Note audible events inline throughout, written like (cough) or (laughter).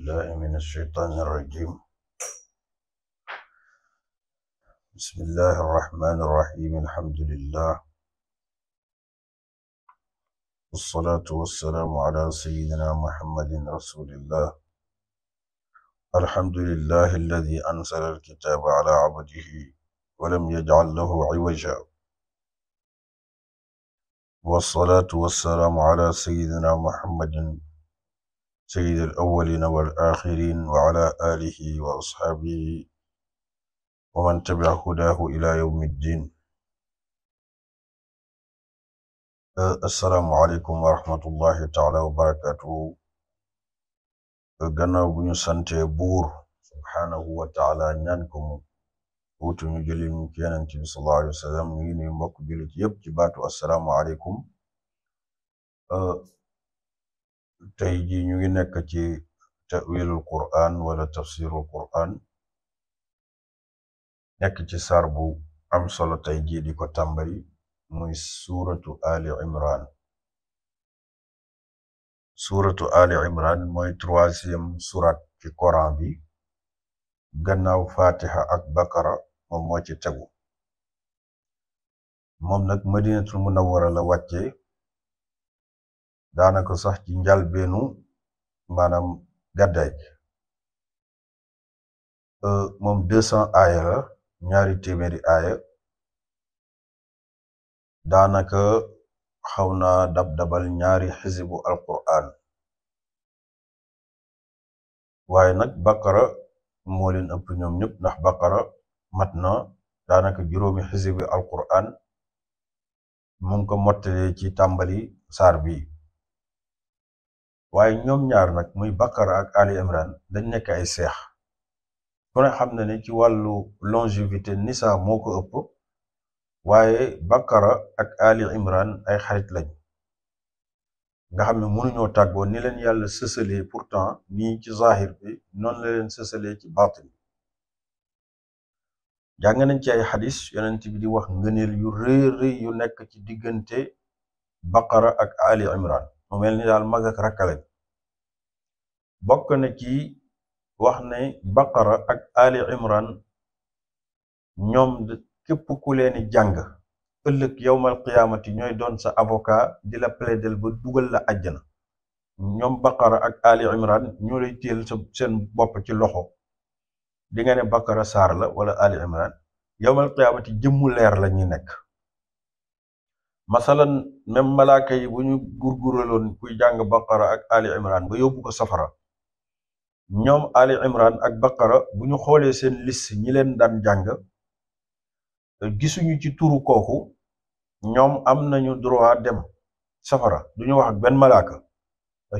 بالله من الشيطان الرجيم بسم الله الرحمن الرحيم الحمد لله والصلاة والسلام على سيدنا محمد رسول الله الحمد لله الذي أنزل الكتاب على عبده ولم يجعل له عوجا والصلاة والسلام على سيدنا محمد سيد الأولين والآخرين وعلى آله وأصحابه ومن تبع هداه إلى يوم الدين السلام عليكم ورحمة الله تعالى وبركاته gannaaw bu ñu sante buur subhaanahu wa taala ñaan ko mu wuutu ñu jëli ñu ci yonent bi sallallahu alayhi wa sallam ñu ngi nuyu mbokk jullit yëpp ci baatu assalaamu aleykum tey ji ñu ngi nekk ci ta'wilul Qur'an wala tafsirul Qur'an nekk ci sarbu bu am solo tey ji di ko tàmbali muy suuratu Ali Imran suuratu Ali Imran mooy troisième surat ci Coran bi gannaaw Fatiha ak Bakara moom moo ci tegu moom nag Madinatul la wàcce daanaka sax ci njal maanaam gàddaay euh, moom deux cent aaya la ñaari téeméeri aaya daanaka xaw naa dab-dabal ñaari xisibu alquran waaye nag baqara moo leen ëpp ñoom ñëpp ndax baqara mat na daanaka juróomi xisibi alquran mu ngi ko mottalee ci tàmbali saar bi waaye ñoom ñaar nag muy Bakara ak Ali Imran dañ nekk ay seex ku ne xam na ne ci wàllu longévité Nisa moo ko ëpp waaye Bakara ak Ali Imran ay xarit lañ nga xam ne mënuñoo tàggoo ni leen yàlla sësalee pourtant nii ci zahir bi noonu la leen sësalee ci baatin bi jàng nañ ci ay xadis yonent bi di wax ngëneel yu rëy yu nekk ci diggante Bakara ak Ali Imran mu mel ni daal mag ak rakkale bokk na kii wax ne baqara ak ali imran ñoom képp ku leeni jàng ëllëg yowmal qiyaamati ñooy doon sa avocat di la plaidel ba dugal la àjjana ñoom baqara ak ali imran ñoo lay téel sa seen bopp ci loxo di nga ne baqara saar la wala ali imran yowmal qiyaamati jëmmu leer la ñuy nekk masalan même malaaka yi bu ñu gurguraloon kuy jàng baqara ak ali imran ba yóbbu ko safara ñoom ali imran ak baqara bu ñu xoolee seen liste ñi leen daan jàng gisuñu ci turu kooku ñoom am nañu droit dem safara duñu wax ak benn malaaka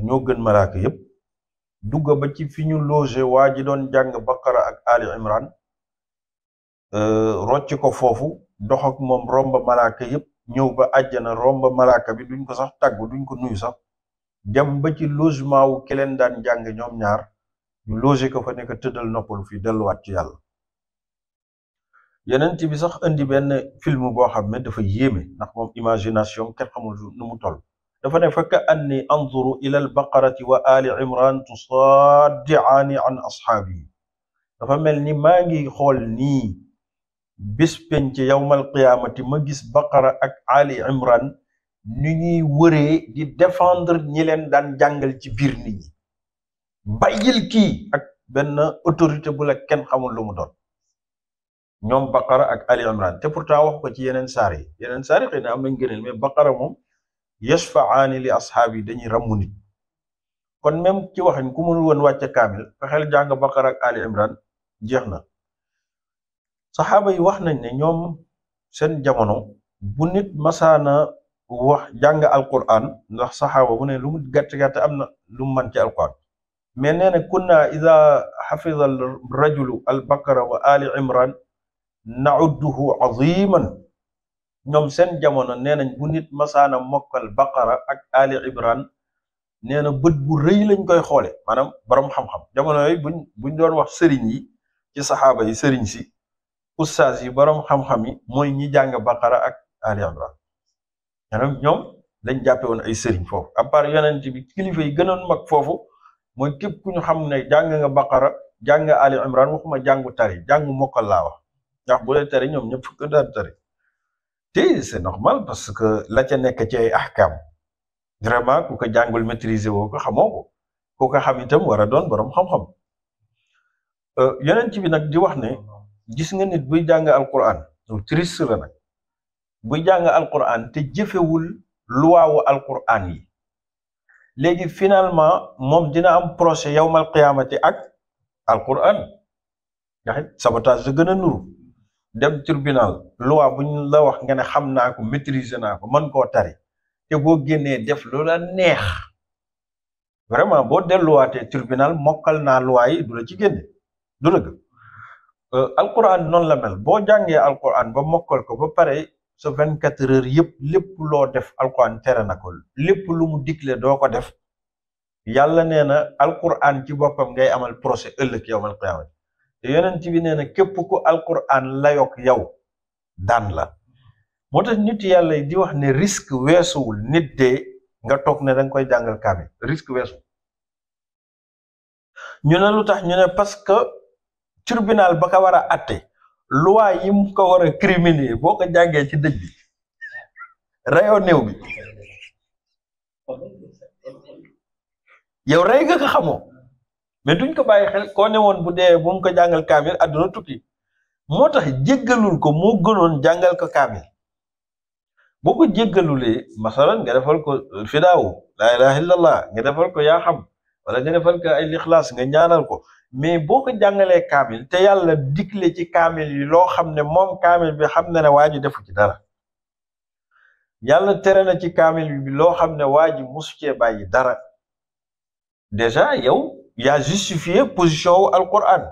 ñoo gën malaaka yëpp dugga ba ci fi ñu loge waa ji doon jàng baqara ak ali imran euh, rocc ko foofu dox ak moom romb malaaka yëpp ñëw ba àjjana romba malaaka bi duñ ko sax tàggu duñ ko nuyu sax dem ba ci logement wu keleen daan jàng ñoom ñaar ñu loge ko fa nekk tëddal noppalu fi delluwaat ci yàlla yeneen bi sax indi benn film boo xam ne dafa yéeme ndax moom imagination kenn xamul nu mu toll dafa ne fa ka anni anzuru ila al baqarati wa ali imran tusaddiaani an ashaabi dafa mel ni maa xool nii bis penc yawmal qiyaamati ma gis baqara ak ali imran ni ñuy wëree di défendre ñi leen daan jàngal ci biir nit ñi bàyyil kii ak benn autorité bula kenn xamul lu mu doon ñoom baqara ak ali imran te pourtant wax ko ci yeneen saar yi yeneen saar yi xëy na am nañ gëneel mais baqara moom yashfa'aani li asxaab yi dañuy ràmmu nit kon même ci waxin ku mënul woon wàcce kaamil fexeel jàng baqara ak ali imran jeex na saxaaba yi wax nañ ne ñoom seen jamono bu nit masaana wax jàng alquran ndox saxaaba bu ne lu mu gàtt am na lu mu mën ci alquran mais nee na kunna ida xafida rajulu albakara wa ali imran naudduhu aziman ñoom seen jamono nee nañ bu nit masaana mokkal baqara ak ali imran nee na bët bu rëy lañ koy xoole maanaam boroom xam-xam jamono yooyu buñ buñ doon wax sëriñ yi ci saxaaba yi sëriñ si ustaas yi borom xam-xam yi mooy ñi jàng baqara ak ali imran maanaam ñoom lañ jàppe woon ay sëriñ foofu à part yonent bi kilifa yi gënoon mag foofu mooy képp ku ñu xam ne jàng nga baqara jàng nga ali imran waxuma jàngu tari jàngu mokkal laa wax ndax bu tari ñoom ñëpp ko daan tari te c'est normal parce que la ca nekk ci ay ahkam vraiment ku ko jàngul maîtriser woo ko xamoo ko ku ko xam itam war a doon xam-xam euh, yonent bi nag di wax ne gis nga nit buy jàng alquran loolu triste la nag buy jàng alquran te jëfewul luwaawu alquran yi léegi finalement moom dina am procès yawmal qiyaamati ak alquran ndax it sabotage da gën a nuru dem tribunal loi bu ñu la wax nga ne xam naa ko maîtriser naa ko man koo tari te boo génnee def loola neex vraiment boo delluwaatee tribunal mokkal naa loi yi du la ci génne du dëgg Euh, alquran noonu la mel boo jàngee alquran ba mokkal ko ba pare sa vingt quatre heures yëpp lépp loo def alquran tere na ko lépp lu mu digle doo ko def yàlla nee na alquran ci boppam ngay amal procès ëllëg yawmal qiyaama te yonent bi nee na képp ku alquran layoog yow daan la moo tax nit yàlla di wax ne risque weesuwul nit de nga toog ne danga koy jàngal kaamil risque weesuwul ñu ne lu tax ñu ne parce tribunal ba ka war a atte loi yi mu ko war a criminer boo ko jàngee ci dëj bi rayoo néew bi yow rey nga ko xamoo mais duñ ko bàyyi xel ne woon bu dee bu mu ko jàngal kaamil àdduna tukki moo tax jéggalul ko moo gënoon jàngal ko kaamil boo ko jéggalulee masalan nga defal ko fidaawu laa ilaha illallah nga defal ko yaa xam wala nga defal ko ay lixlaas nga ñaanal ko mais boo ko jàngalee kaamil te yàlla digle ci kaamil yi loo xam ne moom kaamil bi xam na ne waa ji defu ci dara yàlla tere na ci kaamil bi loo xam ne waa ji musu cee bàyyi dara déjà yow yaa justifié position wu Alquran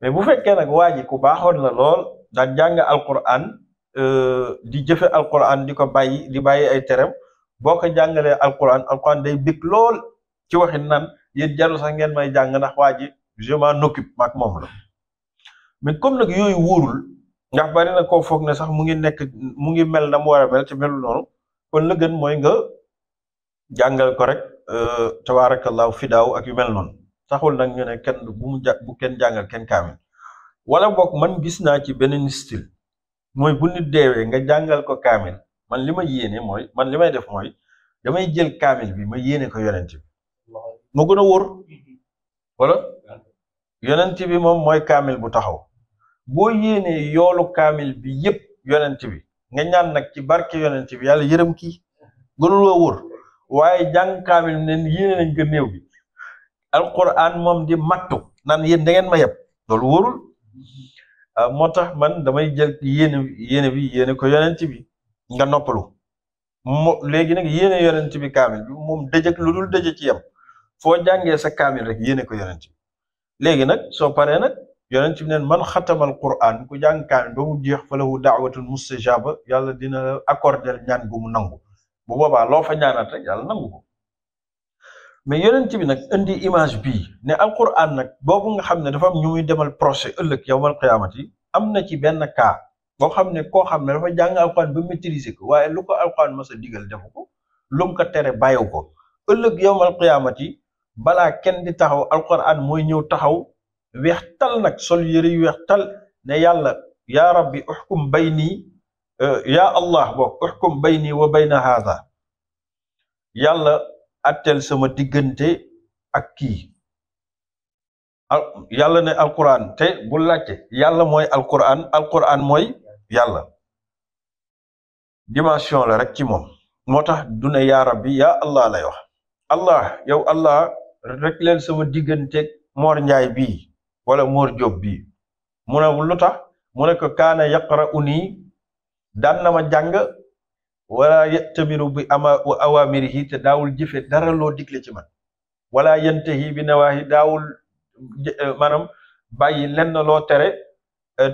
mais bu fekkee nag waa ku baaxoon la lool daan jàng Alquran euh, di jëfe Alquran di ko bàyyi di bàyyi ay terem boo ko jàngalee Alquran Alquran day lool ci waxin nan. yéen jarul sax ngeen may jàng ndax waa ji je m'en occupe maak moom la mais comme nag yooyu wóorul ndax bari na koo foog ne sax mu ngi nekk mu ngi mel na mu war a mel ci melu noonu kon la gën mooy nga jàngal ko rek euh, tabaarakallaahu fidaaw ak yu mel noonu taxul nag ñu ne kenn bu ja bu kenn jàngal kenn kaamil wala boog man gis naa ci beneen style mooy bu nit deewee nga jàngal ko kaamil man li may yéene mooy man li may def mooy damay jël kaamil bi ma yéene ko yonent moo gën a wóor wala mm-hmm. yonent bi moom mooy kaamil bu taxaw boo yéenee yoolu kaamil bi yépp yonent bi nga ñaan nag ci barke yonent bi yàlla yërëm kii gënuloo wóor waaye jàng kaamil neen yéene nañ ko néew bi alquran moom di mattu naan yéen da ma yeb loolu wóorul mm-hmm. ah, moo tax man damay jël yéene yéene bi yéene ko yonent bi nga noppalu mo léegi nag yéene yonent bi kaamil moom dëjëk lu dul dëjë ci yem foo jàngee sa kaamil rek yéene ko yonent bi léegi nag soo paree nag yonent bi neen man xatamal quran ku jàng kaamil ba mu jeex fa lahu daawatun mustajaba yàlla dina la ñaan gu mu nangu bu boobaa loo fa ñaanaat rek yàlla nangu ko mais yonent bi nag indi image bi ne alquran nag boobu nga xam ne dafa am ñu muy demal procès ëllëg yowmal qiyaamati am na ci benn cas boo xam ne koo xam ne dafa jàng alquran ba maîtriser ko waaye lu ko alquran digal defu ko lu mu ko ko balaa kenn di taxaw alquran mooy ñëw taxaw weex tal nag sol yëre yu weex tal ne yàlla yaa rabbi uxkum bayni eh, yaa allah bok uxkum bayni wa bayna haada yàlla atel sama diggante ak kii yàlla ne alquran te bu laajte yàlla mooy alquran alquran mooy yàlla dimension la rek ci moom moo tax du ne yaa rabbi yaa allah lay wax allah yow allah rek leen sama digganteeg Mor Njaay bi wala Mor Diop bii mu ne lu tax mu ne ko kaana yaqra unii daan na ma jàng wala yatamiru bi ama awamirihi te daawul jëfe dara loo digle ci man wala yantahi bi nawaahi daawul maanaam bàyyi lenn loo tere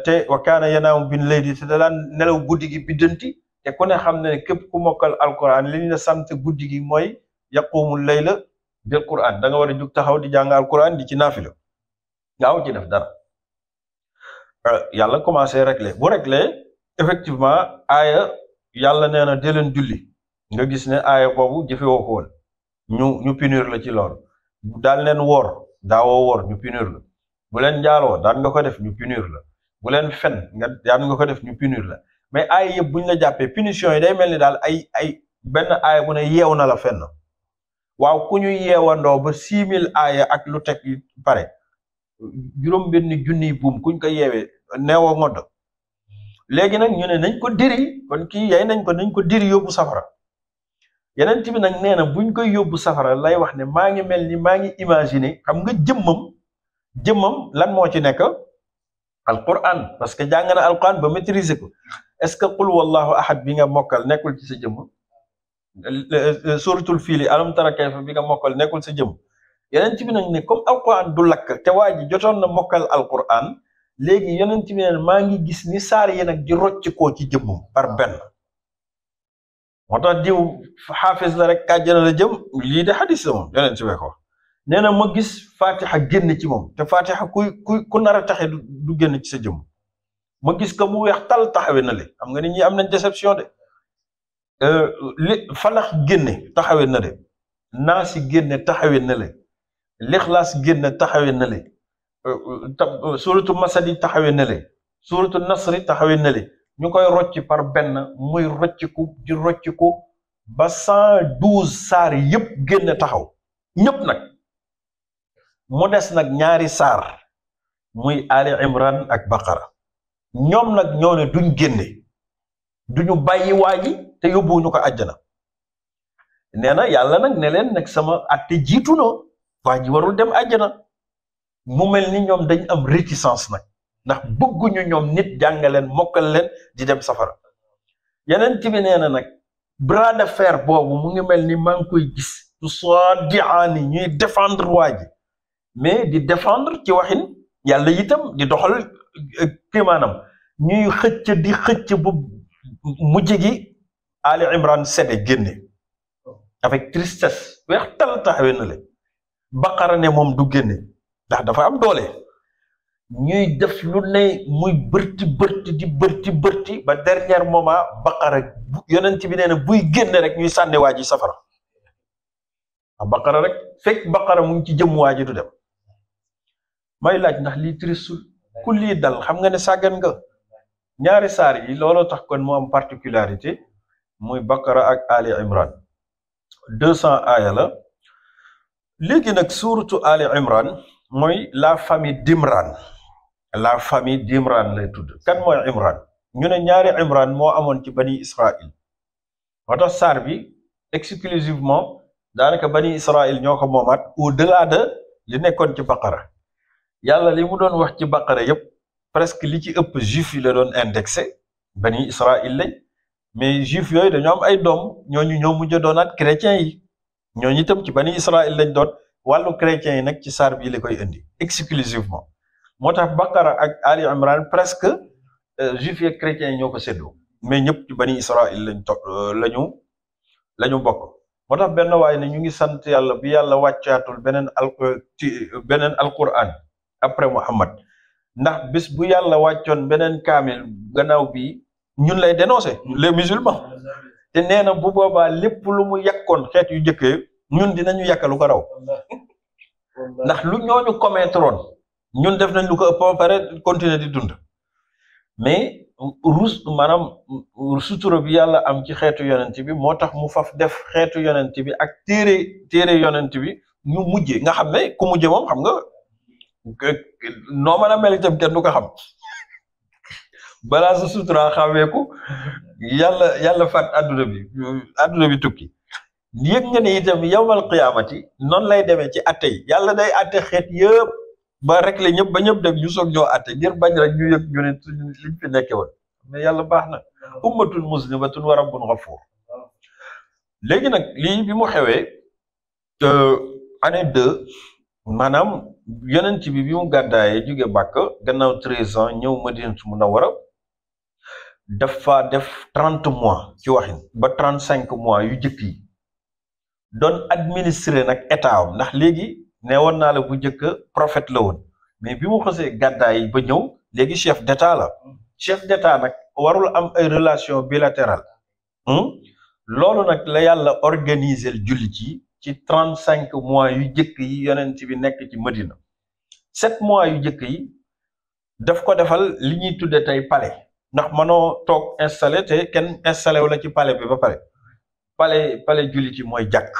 te wa kaana yanaamu bin layli te da nelaw guddi gi biddanti te ku ne xam ne képp ku mokkal alquran li ñu la sant guddi gi mooy yaqumu layla del Qur'an da nga war a jug taxaw di jàng Alquran di ci naafila nga aw def dara euh, yàlla commencé réglé bu réglé effectivement aaya yàlla nee na dee leen nga gis ne aaya boobu jëfe woo ñu ñu punir la ci loolu daan leen woor daawoo woor ñu punir la bu leen njaaloo daan nga ko def ñu punir la bu leen fen nga daan nga ko def ñu punir la mais aaya yëpp buñ la jàppee punition yi day mel ni daal ay ay benn aaya bu ne yeew na la fenn waaw ku ñu yeewandoo ba six mille aaya ak lu teg pare juróom benni junniy buum kuñ ko yeewee neewoo ngodd léegi nag ñu ne nañ ko diri kon kii yay nañ ko nañ ko diri yóbbu safara yeneen bi nag nee na buñ koy yóbbu safara lay wax ne maa ngi mel ni maa ngi imaginer xam nga jëmmam jëmmam lan moo ci nekk alquran parce que jàng na alquran ba maîtriser ko est-ce que qul wallahu ahad bi nga mokkal nekkul ci sa jëmm suratul fiili alam tara kayfa bi nga mokkal nekkul sa jëm yeneen bi nag ne comme alquran du lakk te waa ji jotoon na mokkal alquran léegi yeneen bi ne maa ngi gis ni saar yi nag ji rocc koo ci jëmmam par benn moo tax diw xaafis la rek kàjjana la jëm lii de xadis la moom yonent bi ko nee na ma gis fatixa génn ci moom te fatixa ku kuy ku nar a taxe du génn ci sa jëmm ma gis ko mu weex tal taxawe na xam nga nit ñi am nañ déception de Euh, li falax génne taxawee na le naasi génne taxawee na le lixlaas génne taxawee na le euh, euh, suuratu masadi taxawee na le suuratu nasri taxawee ñu koy rocci par benn muy rocciku di rocciku ba cent douze saar yépp génne taxaw ñépp nag mu des nag ñaari saar muy ali imran ak baqara ñoom nag ñoo ne duñ génne duñu bàyyi waaji te ñu ko àjjana nee na yàlla nag ne leen nag sama atte jiitu na waa ji warul dem àjjana mu mel ni ñoom dañ am réticence nag ndax bëgguñu ñoom nit jàngaleen mokkal leen di dem safara yeneen bi nee na nag bras de fer boobu mu ngi mel ni maa koy gis tu soit di aani ñuy défendre waa ji mais di défendre ci waxin yàlla itam di doxal eh, kéemaanam ñuy xëcc di bu mujj gi Ali Imran sede génne avec tristesse weex tal taxawee na le Baqara ne moom du génne ndax dafa am doole ñuy def lu ne muy bërti bërti di bërti bërti ba dernier moment Baqara yonent bi nee buy génne rek ñuy sànni waa ji safara a Baqara rek fekk Baqara mu ngi ci jëm waa ji du dem may laaj ndax lii tristul ku lii dal xam nga ne sàggan nga ñaari saar yi looloo tax kon mu am particularité muy Baqara ak Ali Imran deux cent aaya la léegi nag suuratu Ali Imran mooy la famille d'Imran la famille d'Imran lay tudd kan mooy Imran ñu ne ñaari Imran moo amoon ci bani Israil moo tax saar bi exclusivement daanaka bani Israil ñoo ko moom moomaat au delà de li nekkoon ci Baqara yàlla li mu doon wax ci Baqara yépp presque li ci ëpp juif yi la doon indexé bani Israil lañ mais juif yooyu dañoo am ay doom ñooñu ñoo mujj doonaat chrétien yi ñooñu itam ci bani Israël lañ doon wàllu chrétien yi nag ci saar bii la koy indi exclusivement moo tax Baqara ak Ali Imran presque euh, juif yeeg chrétien yi ñoo ko séddoo mais ñëpp ci bani Israël lañ to euh, lañu lañu bokk moo tax benn waaye ne ñu ngi sant yàlla bi yàlla wàccaatul beneen alqu beneen alquran après Muhammad ndax bis bu yàlla wàccoon beneen kaamil gannaaw bi ñun lay dénoncer mm. les musulmans te nee na bu boobaa lépp lu mu yàkkoon xeet yu jëkkee ñun dinañu yàkk lu ko raw ndax lu ñooñu commettre ñun def nañ lu ko ëpp ba pare continuer di dund mais rus maanaam suturo bi yàlla am ci xeetu yonent bi moo tax mu faf def xeetu yonent bi ak téere téere yonent bi ñu mujje nga xam ne ku mujje moom xam nga noo mën a mel itam kenn du ko xam balaa sa sutura xaweeku yàlla yàlla fat adduna bi adduna bi tukki yëg nga ni itam yowmal qiyaamati noonu lay demee ci atte yàlla day atte xeet yëpp ba rek ñëpp ba ñëpp dem ñu soog ñoo atte ngir bañ rek ñu yëg ñu ne mais yàlla baax na ummatun muslimatun wa rabbun ghafuur léegi nag lii bi mu xewee euh, année deux maanaam yonent bi bi mu gàddaayee jóge Màkka gannaaw treize ans ñëw Madinatu Munawwara dafa def trente mois ci waxin ba trente cinq mois yu jëkk yi doon administré nag état ndax léegi ne woon naa la bu njëkk prophète la woon mais bi mu xosee gàddaay yi ba ñëw léegi chef d'état la chef d'état nag warul am ay relation bilatérale hmm? loolu nag la yàlla organiser jullit yi ci trente cinq mois yu jëkk yi yonent bi nekk ci Medina sept mois yu jëkk yi daf ko defal li ñuy tudde tey palais ndax mënoo toog installé te kenn installé wu la ci pale bi ba pare pale palais jullit yi mooy jàkk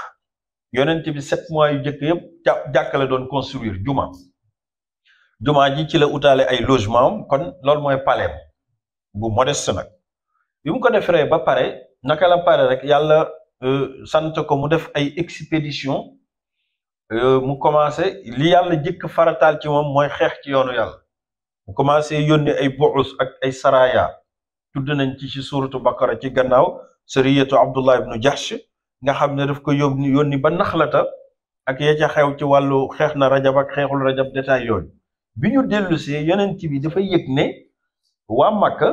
ci bi sept mois yu jëkk yëpp jàkk doon construire juma juma ji ci la utale ay logement am kon loolu mooy palais bu modeste nag bi mu ko defaree ba pare naka la pare rek yàlla euh, sant ko mu def ay expédition euh, mu commencé li yàlla jëkk farataal ci moom mooy xeex ci yoonu yàlla mu commencé yónni ay buus ak ay saraya tudd nañ ci ci suuratu baqara ci gannaaw sariyatu abdullah ibnu jahsh nga xam ne daf ko yóbbu yónni ba naxlata ak ya ca xew ci wàllu xeex na rajab ak xeexul rajab détail yooyu bi ñu dellusee yonent bi dafay yëg ne waa Makka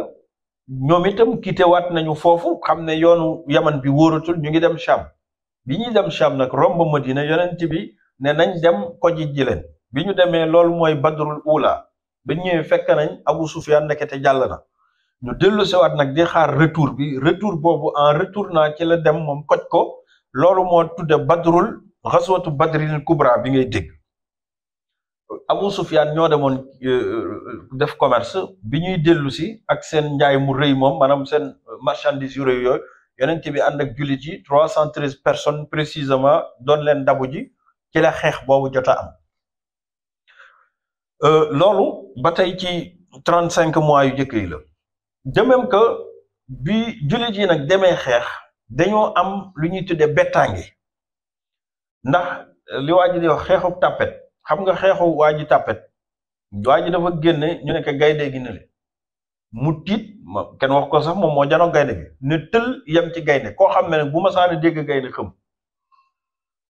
ñoom itam kitewaat nañu foofu xam ne yoonu yaman bi wóoratul ñu ngi dem Sham bi ñuy dem Sham nag romb Madina yonent bi ne nañ dem ko ji ji bi ñu demee loolu mooy badrul ula ba ñëwee fekk nañ Abu Sufyan ndekete jàll na ñu dellu siwaat nag di xaar retour bi retour boobu en retour retournant ci la dem moom koj ko loolu moo tudde badrul xaswatu badril kubra bi ngay dégg Abu Sufyan ñoo demoon euh, euh, def commerce bi ñuy dellu si ak seen njaay mu rëy moom maanaam seen marchandise yu rëy yooyu yonent bi ànd ak jullit yi trois cent treize personnes précisément doon leen dabu ji ci la xeex boobu jota am Euh, loolu ba tey ci trente cinq mois yu njëkk yi la de même bi jullit yi nag demee xeex dañoo am lu ñuy tuddee bettaange ndax euh, li waa ji di wax xeexu tàppet xam nga xeexu waa ji tàppet waa ji dafa génne ñu nekk gaynde gi ne mu tiit kenn wax ko sax moom moo janoo gaynde gi ne tël yem ci gaynde koo xam ne nag bu ma saana gaynde xëm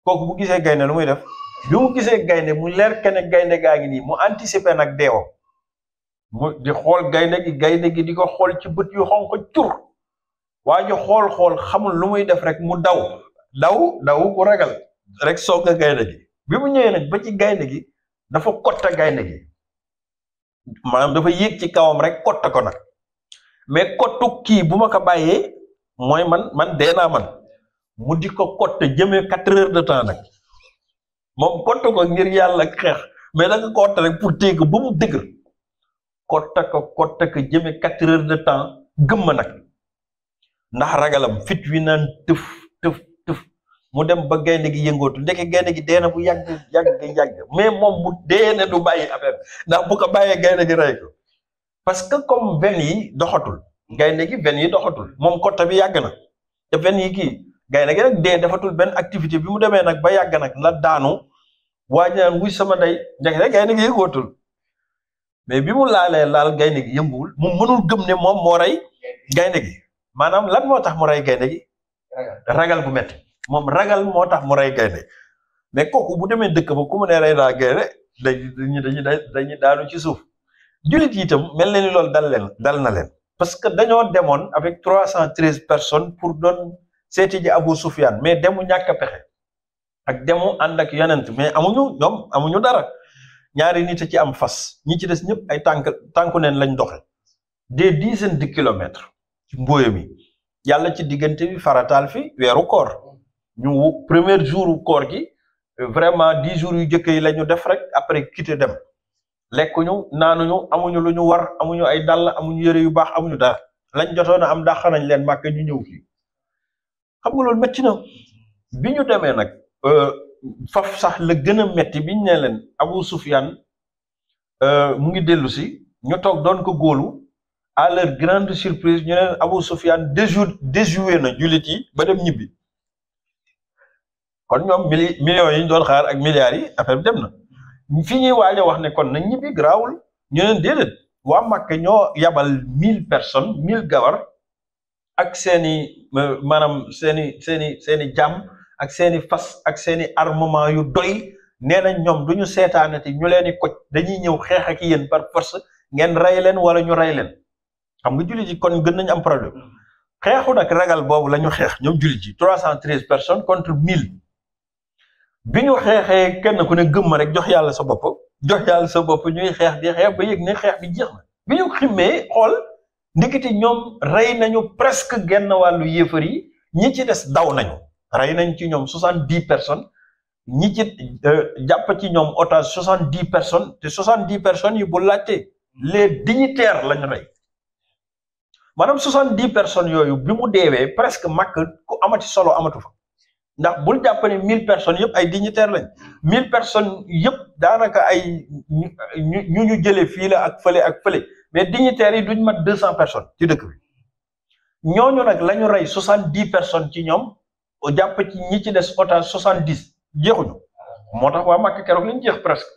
kooku bu gisee gaynde lu muy def bi mu gisee gaynde mu leer kene gaynde gaa ngi nii mu anticiper nag deewam mu di xool gaynde gi gaynde gi di ko xool ci bët yu xonq cur waa ji xool-xool xamul lu muy def rek mu daw daw daw ku ragal rek soog a gaynde gi bi mu ñëwee nag ba ci gaynde gi dafa kotta gaynde gi maanaam dafa yéeg ci kawam rek kotta ko nag mais kottu kii bu ma ko bàyyee mooy man man dee man mu di ko kotta jëmee quatre heures de temps nag moom kott ko ngir yàlla xeex mais da nga kott rek pour dégg ba mu dëgër kott ko kott ko jëme quatre heures de temps gëmm nag ndax ragalam fit wi na tëf tëf tëf mu dem ba gaynde gi yëngootu ndeke gaynde gi dee na bu yàgg yàgg yàgg mais moom bu dee na du bàyyi affaire ndax bu ko bàyyee gaynde gi rey ko parce que comme ven yi doxatul gaynde gi ven yi doxatul moom kott bi yàgg na te ven yi kii gaynde gi nag dee defatul benn activité bi mu demee nag ba yàgg nag la daanu waaj naan wuy sama day njëkk rek gaynde gi yëngootul mais bi mu laalee laal gaynde gi yënguwul mu mënul gëm ne moom moo rey gaynde gi maanaam lan moo tax mu rey gaynde gi ragal bu métti moom ragal moo tax mu rey gaynde mais kooku bu demee dëkk ba ku mu nee rey naa gaynde dañuy dañuy dañuy daanu ci suuf ju yi itam mel na ni loolu dal leen dal na leen parce que dañoo demoon avec trois cent pour doon. seeti ji Abu Sufyaan mais demu ñàkk a pexe ak demu ànd ak yonent mais amuñu ñoom amuñu dara ñaari nit a ci am fas ñi ci des ñëpp ay tànk tànku neen lañ doxe des dizaines de kilomètres ci mbooya mi yàlla ci diggante bi farataal fi weeru koor ñu premier jour koor gi vraiment dix jours yu jëkk yi la ñu def rek après quitté dem ñu lekkuñu naanuñu amuñu lu ñu war amuñu ay dàll amuñu yëre yu baax amuñu dara lañ jotoon a am dàq nañ leen màkk ñu ñëw fii xam nga loolu métti na bi ñu demee nag euh, faf sax la gën a metti bi ñu ne leen Abu Sufyan euh, mu ngi dellu si ñu toog doon ko góolu à leur grande surprise ñu ne leen Abu Sufyan déjou na jullit yi ba dem ñibbi kon ñoom mili millions yi ñu doon xaar ak milliards yi affaire dem na fi ñuy waaj a wax ne kon na ñibbi garaawul ñu neen déedéet waa Màkka ñoo yabal mille personnes mille gawar ak seen i maanaam seen i seen i seen i jàmm ak seen i fas ak seen i armement yu doy nee nañ ñoom du ñu seetaanati ñu leen di koj dañuy ñëw xeex ak yéen par force ngeen rey leen wala ñu rey leen xam nga jullit yi kon gën nañu am problème xeexu nag ragal boobu la ñu xeex ñoom jullit yi trois cent treize personnes contre mille bi ñu xeexee kenn ku ne gëmma rek jox yàlla sa bopp jox yàlla sa bopp ñuy xeex di xeex ba yëg ne xeex bi jeex na bi ñu ximmee xool ndekete ñoom rey nañu presque genn wàllu yéefar yi ñi ci des daw nañu rey nañ ci ñoom soixante dix personnes ñi ci euh, jàpp ci ñoom otage soixante dix personnes te soixante dix personnes yi bu laajte les dignitaires lañ rey maanaam soixante dix personnes yooyu bi mu deewee presque màkk ku amati solo amatu fa ndax bul jàpp mille personnes yëpp ay dignitaires lañ mille personnes yëpp daanaka ay ñu ñu jëlee fii ak fële ak fële. mais dignitaires yi duñ mat deux cent personnes ci dëkk bi ñooñu nag la ñu rey soixante dix personnes ci ñoom jàpp ci ñi ci des otage soixante dix jeexuñu moo tax waa Màkk keroog lañ jeex presque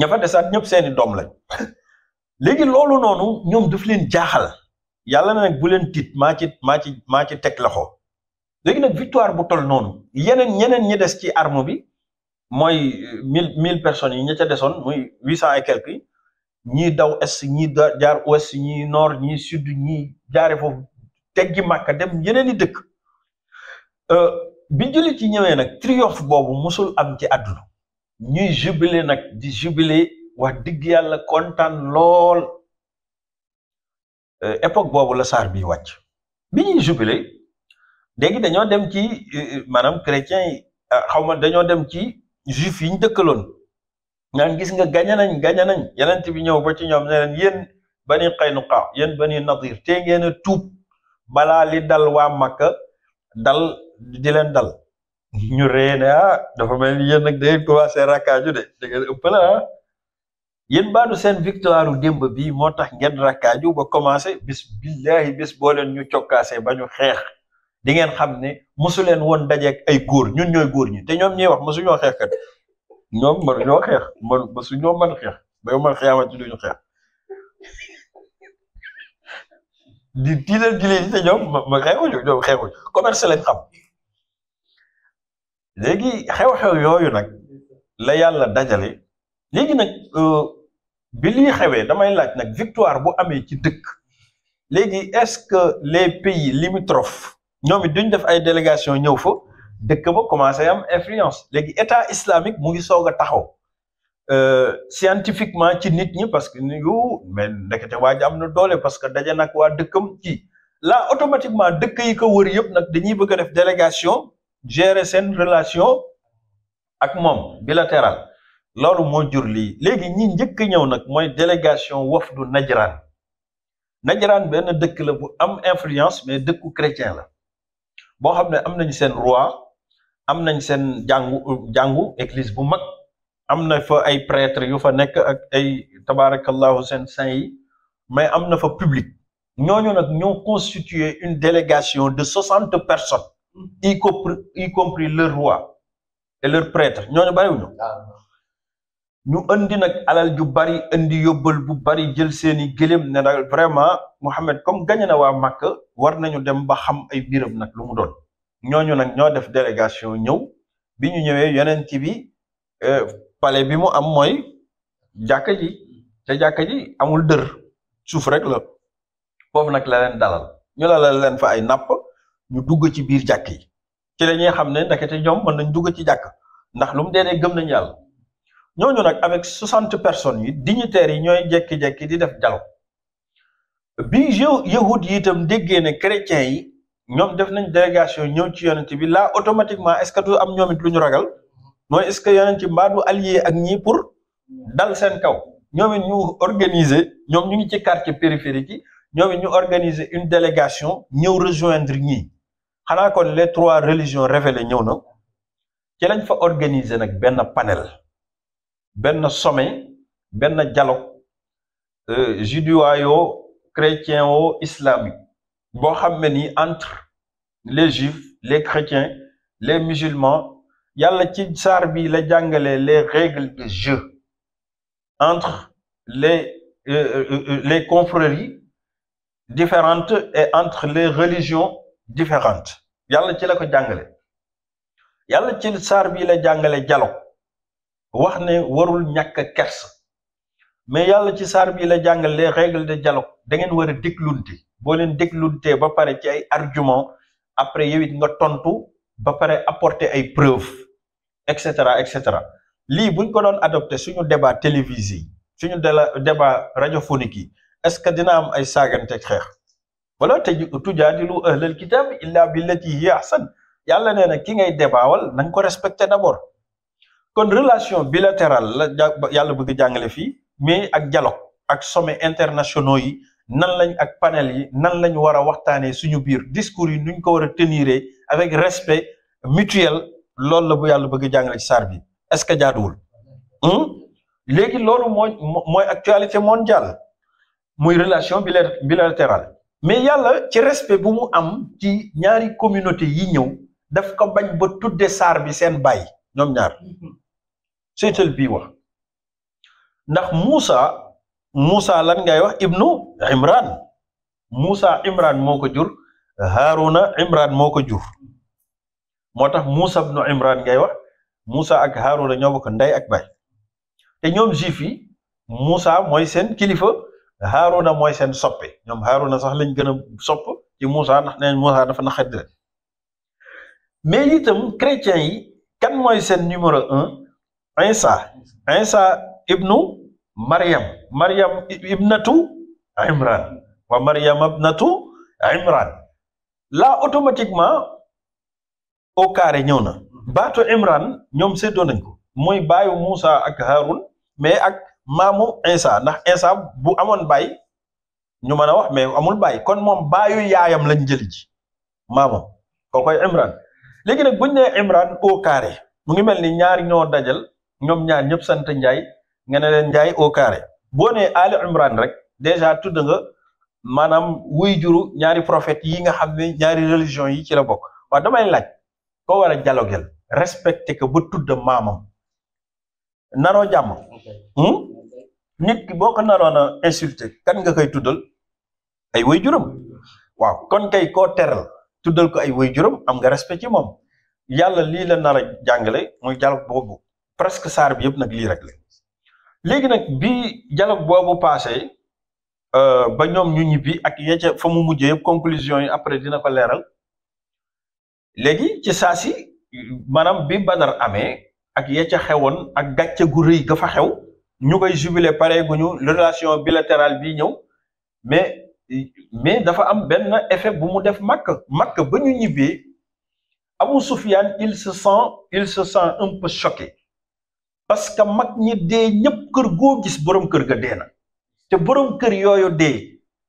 ña fa des at ñëpp seeni doom lañ (laughs) léegi loolu noonu ñoom daf leen jaaxal yàlla na nag bu leen tiit maa ci maa ci maa ci teg loxo léegi nag victoire bu toll noonu yeneen ñeneen ñi des ci arme bi mooy mille mille personnes yi ña ca desoon muy huit cent et quelques ñii daw est ñii jaar ouest ñii nord ñii sud ñii jaare foofu teggi màkka dem yeneen i dëkk euh, bi jullit ci ñëwee nag triomphe boobu musul am ci àdduna ñuy jubilé nag di jubilé wax digg yàlla kontaan lool euh, époque boobu la saar bi wàcc bi ñuy jubilé léegi dañoo dem ci euh, maanaam chrétien yi xaw ma dañoo dem ci juif yi ñu dëkkaloon naan gis nga gañe nañ gañe nañ yenent bi ñëw ba ci ñoom ne leen yéen bani Qaynuqa yéen bani Nadir te ngeen a tuub balaa li dal waa makk dal di leen dal ñu ree ne ah dafa mel ni yéen nag day commencé rakkaaju de da ngeen ëpp ah. seen victoire u démb bi moo tax ngeen rakkaaju ba commencé bis billahi bis boo leen ñu cokkaasee ba ñu xeex di ngeen xam ne mosu leen woon dajeek ay góor ñun ñooy góor ñi te ñoom ñuy wax mosu ñoo xeex kat ñoom mënuñoo xeex man ba su ñoom mën xeex ba yow man xeexaat ci duñu xeex di tiilal jullit yi te ñoom ma xeexuñu ñoom xeexuñu commerce lañ xam léegi xew-xew yooyu nag la yàlla dajale léegi nag euh, bi lii xewee damay laaj nag victoire bu amee ci dëkk léegi est-ce que les pays limitrophes ñoomi it duñ def ay délégation ñëw fa. dëkk ba commencé am influence léegi état islamique mu ngi soog a taxaw euh, scientifiquement ci nit ñi parce que yu mais ndekete waa ji am na doole parce que daje nak waa dëkkam ki la automatiquement dëkk yi ko wër yëpp nag dañuy bëgg a def délégation gérer seen relation ak moom bilateral loolu moo jur lii léegi ñi njëkk ñëw nag mooy délégation wafdu Najran Najran benn dëkk la bu am influence mais dëkku chrétien la boo xam ne am nañu seen roi am nañ seen jàngu jàngu église bu mag am na fa ay prêtre yu fa nekk ak ay tabarakallahu seen saint yi mais am na fa public ñooñu nag ñoo constitué une délégation de soixante personnes y compris y compris leur roi leur prêtre ñooñu bariwuñu ñu indi nag alal ju bari indi yóbbal bu bari jël seeni gëléem ne daal vraiment Mohammed comme gañe na waa Màkk war nañu dem ba xam ay biiram nag lu mu doon ñooñu nag ñoo def délégation ñëw bi ñu ñëwee yonent bi euh, palais bi mu am mooy jàkka ji te jàkk ji amul dër suuf rek la foofu nag la leen dalal ñu lalal leen fa ay napp ñu dugg ci biir jàkk yi ci la xam ne ndekete ñoom mën nañ dugg ci jàkk ndax lu mu dee dee gëm nañ yàlla ñooñu nag avec soixante personnes yi dignitaires yi ñooy jekki-jekki di def dialogue bi yahud yi itam déggee ne chrétiens yi ñoom def nañ délégation ñëw ci yonent bi la automatiquement est-ce que du am ñoom lu ñu ragal mooy est-ce que yonent bi mbaa du ak ñii pour dal seen kaw ñoom ñu organiser ñoom ñu ngi ci quartier périphérique yi ñoom ñu organiser une délégation ñëw rejoindre ñi xanaa kon les trois religions révélées ñëw na ci lañ fa organiser nag benn panel benn sommet benn dialogue euh, judaïo chrétien o islamique boo xam ne ni entre les juifs les chrétiens les musulmans yàlla ci saar bi la jàngalee les règles de jeu entre les euh, euh, euh, les confréries différentes et entre les religions différentes yàlla ci la ko jàngale yàlla ci saar bi la jàngale dialogue wax ne warul ñàkk kersa mais yàlla ci saar bii la jàngal les règles de dialogue da ngeen war a déglunte boo leen dégluntee ba pare ci ay argument après yow nga tontu ba pare apporter ay preuve et cetera et cetera lii buñ ko doon adopté suñu débat télévisé yi suñu débat radiophonique yi est-ce que dina am ay saagante xeex wala tujaadilu ahlal kitaab illaa billati hiya ahsan yàlla nee na ki ngay débaawal na nga ko respecté d'abord kon relation bilatérale la yàlla bëgg jàngale fii mais ak dialogue ak sommet internationaux yi nan lañ ak panel yi nan lañ war a waxtaanee suñu biir discours yi nuñ ko war a tenir avec respect mutuel loolu la bu yàlla bëgg jàngale ci saar bi est-ce que jaaduwul hmm? léegi loolu mooy mooy actualité mondiale muy relation bilatéral mais yàlla ci respect bu mu am ci ñaari communauté yi ñëw daf ko bañ ba tudde saar bi seen bàyyi ñoom ñaar seytal bii wax ndax Muusa Muusa lan ngay wax ibnu Imran Muusa Imran moo ko jur Haaruna Imran moo ko jur moo tax Muusa ibnu Imran ngay wax Muusa ak Haaruna ñoo ko ndey ak baay te ñoom juif yi Muusa mooy seen kilifa Haaruna mooy seen soppe ñoom Haaruna sax lañ gën a sopp ci Muusa ndax neen Muusa dafa naqari leen mais itam chrétiens yi kan mooy seen numéro un Isa Isa ibnu Maryam Maryam ibnatu Imran wa Maryam ibnatu Imran la automatiquement au carré ñëw na baatu Imran ñoom séddoo nañ ko mooy baayu Moussa ak Haroun mais ak maamu Insa ndax Insa bu amoon baay ñu mën a wax mais amul baay kon moom baayu yaayam lañ jëli ji maamam koy Imran léegi nag buñ nee Imran au carré mu ngi mel ni ñaar ñoo dajal ñoom ñaar ñëpp sant Njaay nga ne leen njaay au carré boo nee Ali Imran rek déjà tudd nga maanaam wuy juru ñaari prophètes yi nga xam ne ñaari religion yi ci la bokk waaw damay laaj koo war a dialoguel respecté ko ba tudd maamam naroo jàmm hmm? nit ki boo ko naroon a insulté kan nga koy tuddal ay way juróom waaw kon kay koo teral tuddal ko ay way juróom am nga respect ci moom yàlla lii la nar a jàngale muy jàll boobu presque saar bi yëpp nag lii rek la léegi nag bi dialogue boobu passé euh, ba ñoom ñu ñibbi ak yecca fa mu mujjee yëpp conclusion yi après dina ko leeral léegi ci saa si maanaam bi Badar amee ak yecca xewoon ak gàcce gu rëy ga xew ñu koy jubilé pare gu ñu relation bilatérale bi ñëw mais mais dafa am benn effet bu mu def màkk màkk ba ñu ñibbee Abu Soufiane il se sent il se sent un peu choqué parce que mag ñi dee ñëpp kër goo gis borom kër ga dee na te borom kër yooyu dee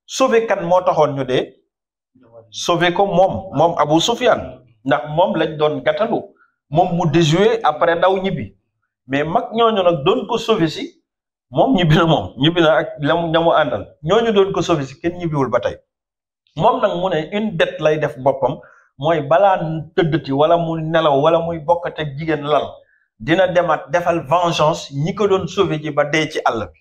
sauvé kan moo taxoon ñu dee sauvé ko moom moom Abu Sufyan ndax moom lañ doon gàttalu moom mu déjoué après daw ñibbi mais mag ñooñu nag doon ko sauvé si moom ñibbi na moom ñibbi na ak lam ñamu àndal ñooñu doon ko sauvé si kenn ñibbiwul ba tey moom nag mu ne une dette lay def boppam mooy balaa tëddati wala mu nelaw wala muy bokkate jigéen lal dina demat defal vengeance ñi ko doon sauver ji ba dee ci àll bi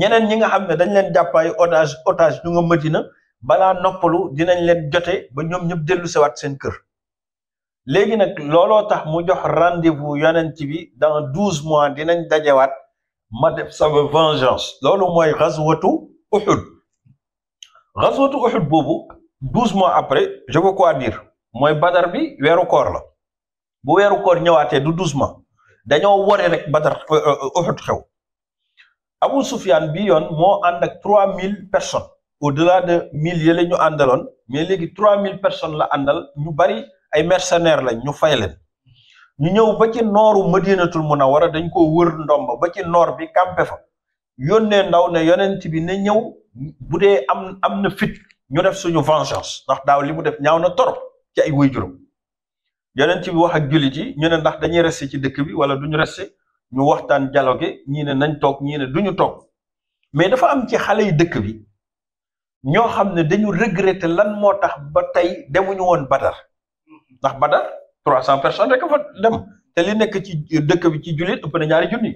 ñeneen ñi nga xam ne dañ leen jàppaay otage otage ñu nga Madina balaa noppalu dinañ leen jote ba ñoom ñëpp dellu sewaat seen kër léegi nag looloo tax mu jox rendez-vous yonent bi dans douze mois daje dajewaat ma def sama vengeance loolu mooy xaswatu Uhud xaswatu Uhud boobu douze mois après je veux dire mooy badar bi weeru koor la bu weeru koor ñëwaatee du doucement dañoo wore rek Badar euh, euh, euh, Uhud xew Abu Sufyaan bi yoon moo ànd ak trois mille personnes au delà de mille yële ñu àndaloon mais léegi trois mille personnes la àndal ñu bari ay mercenaires lañ ñu fay leen ñu ñëw ba ci nooru Madinatul wara dañ ko wër ndomb ba ci noor bi campé fa yónnee ndaw ne yonent bi na ñëw bu dee am am na fit ñu def suñu vengeance ndax daaw li mu def ñaaw na torop ci ay waajuram yonent bi wax ak jullit yi ñu ne ndax dañuy rester ci dëkk bi wala duñu rester ñu waxtaan dialogue ñii ne nañ toog ñii ne duñu toog mais dafa am ci xale yi dëkk bi ñoo xam ne dañu regretter lan moo tax ba tey demuñu woon Badar ndax Badar 300 personnes rek fa dem te li nekk ci dëkk bi ci jullit ëpp na ñaari junni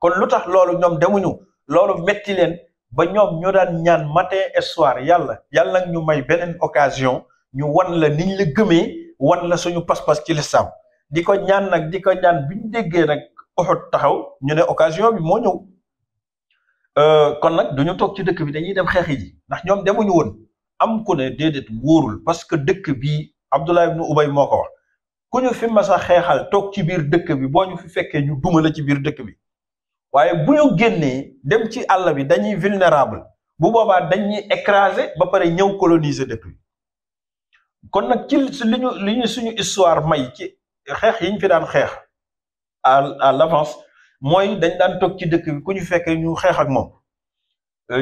kon lu tax loolu ñoom demuñu loolu metti leen ba ñoom ñoo daan ñaan matin et soir yàlla yàlla ñu may beneen occasion ñu wan la niñ la gëmee. wan la suñu pas-pas ci lislaam di ko ñaan nag di ko ñaan biñ déggee nag Uhud taxaw ñu ne occasion bi moo ñëw euh, kon nag duñu toog ci dëkk bi dañuy dem xeexi ji ndax ñoom demuñu woon am ku ne déedéet wóorul parce que dëkk bi Abdullah ibn Ubay moo ko wax ku ñu fi masa xeexal toog ci biir dëkk bi boo ñu fi fekkee ñu duma ci biir dëkk bi waaye bu ñu génnee dem ci àll bi dañuy vulnérable bu boobaa dañuy écraser ba pare ñëw coloniser dëkk kon nag ci li ñu li ñu suñu histoire may ci xeex yi ñu fi daan xeex a à l'avance mooy dañ daan toog ci dëkk bi ku ñu fekkee ñu xeex ak moom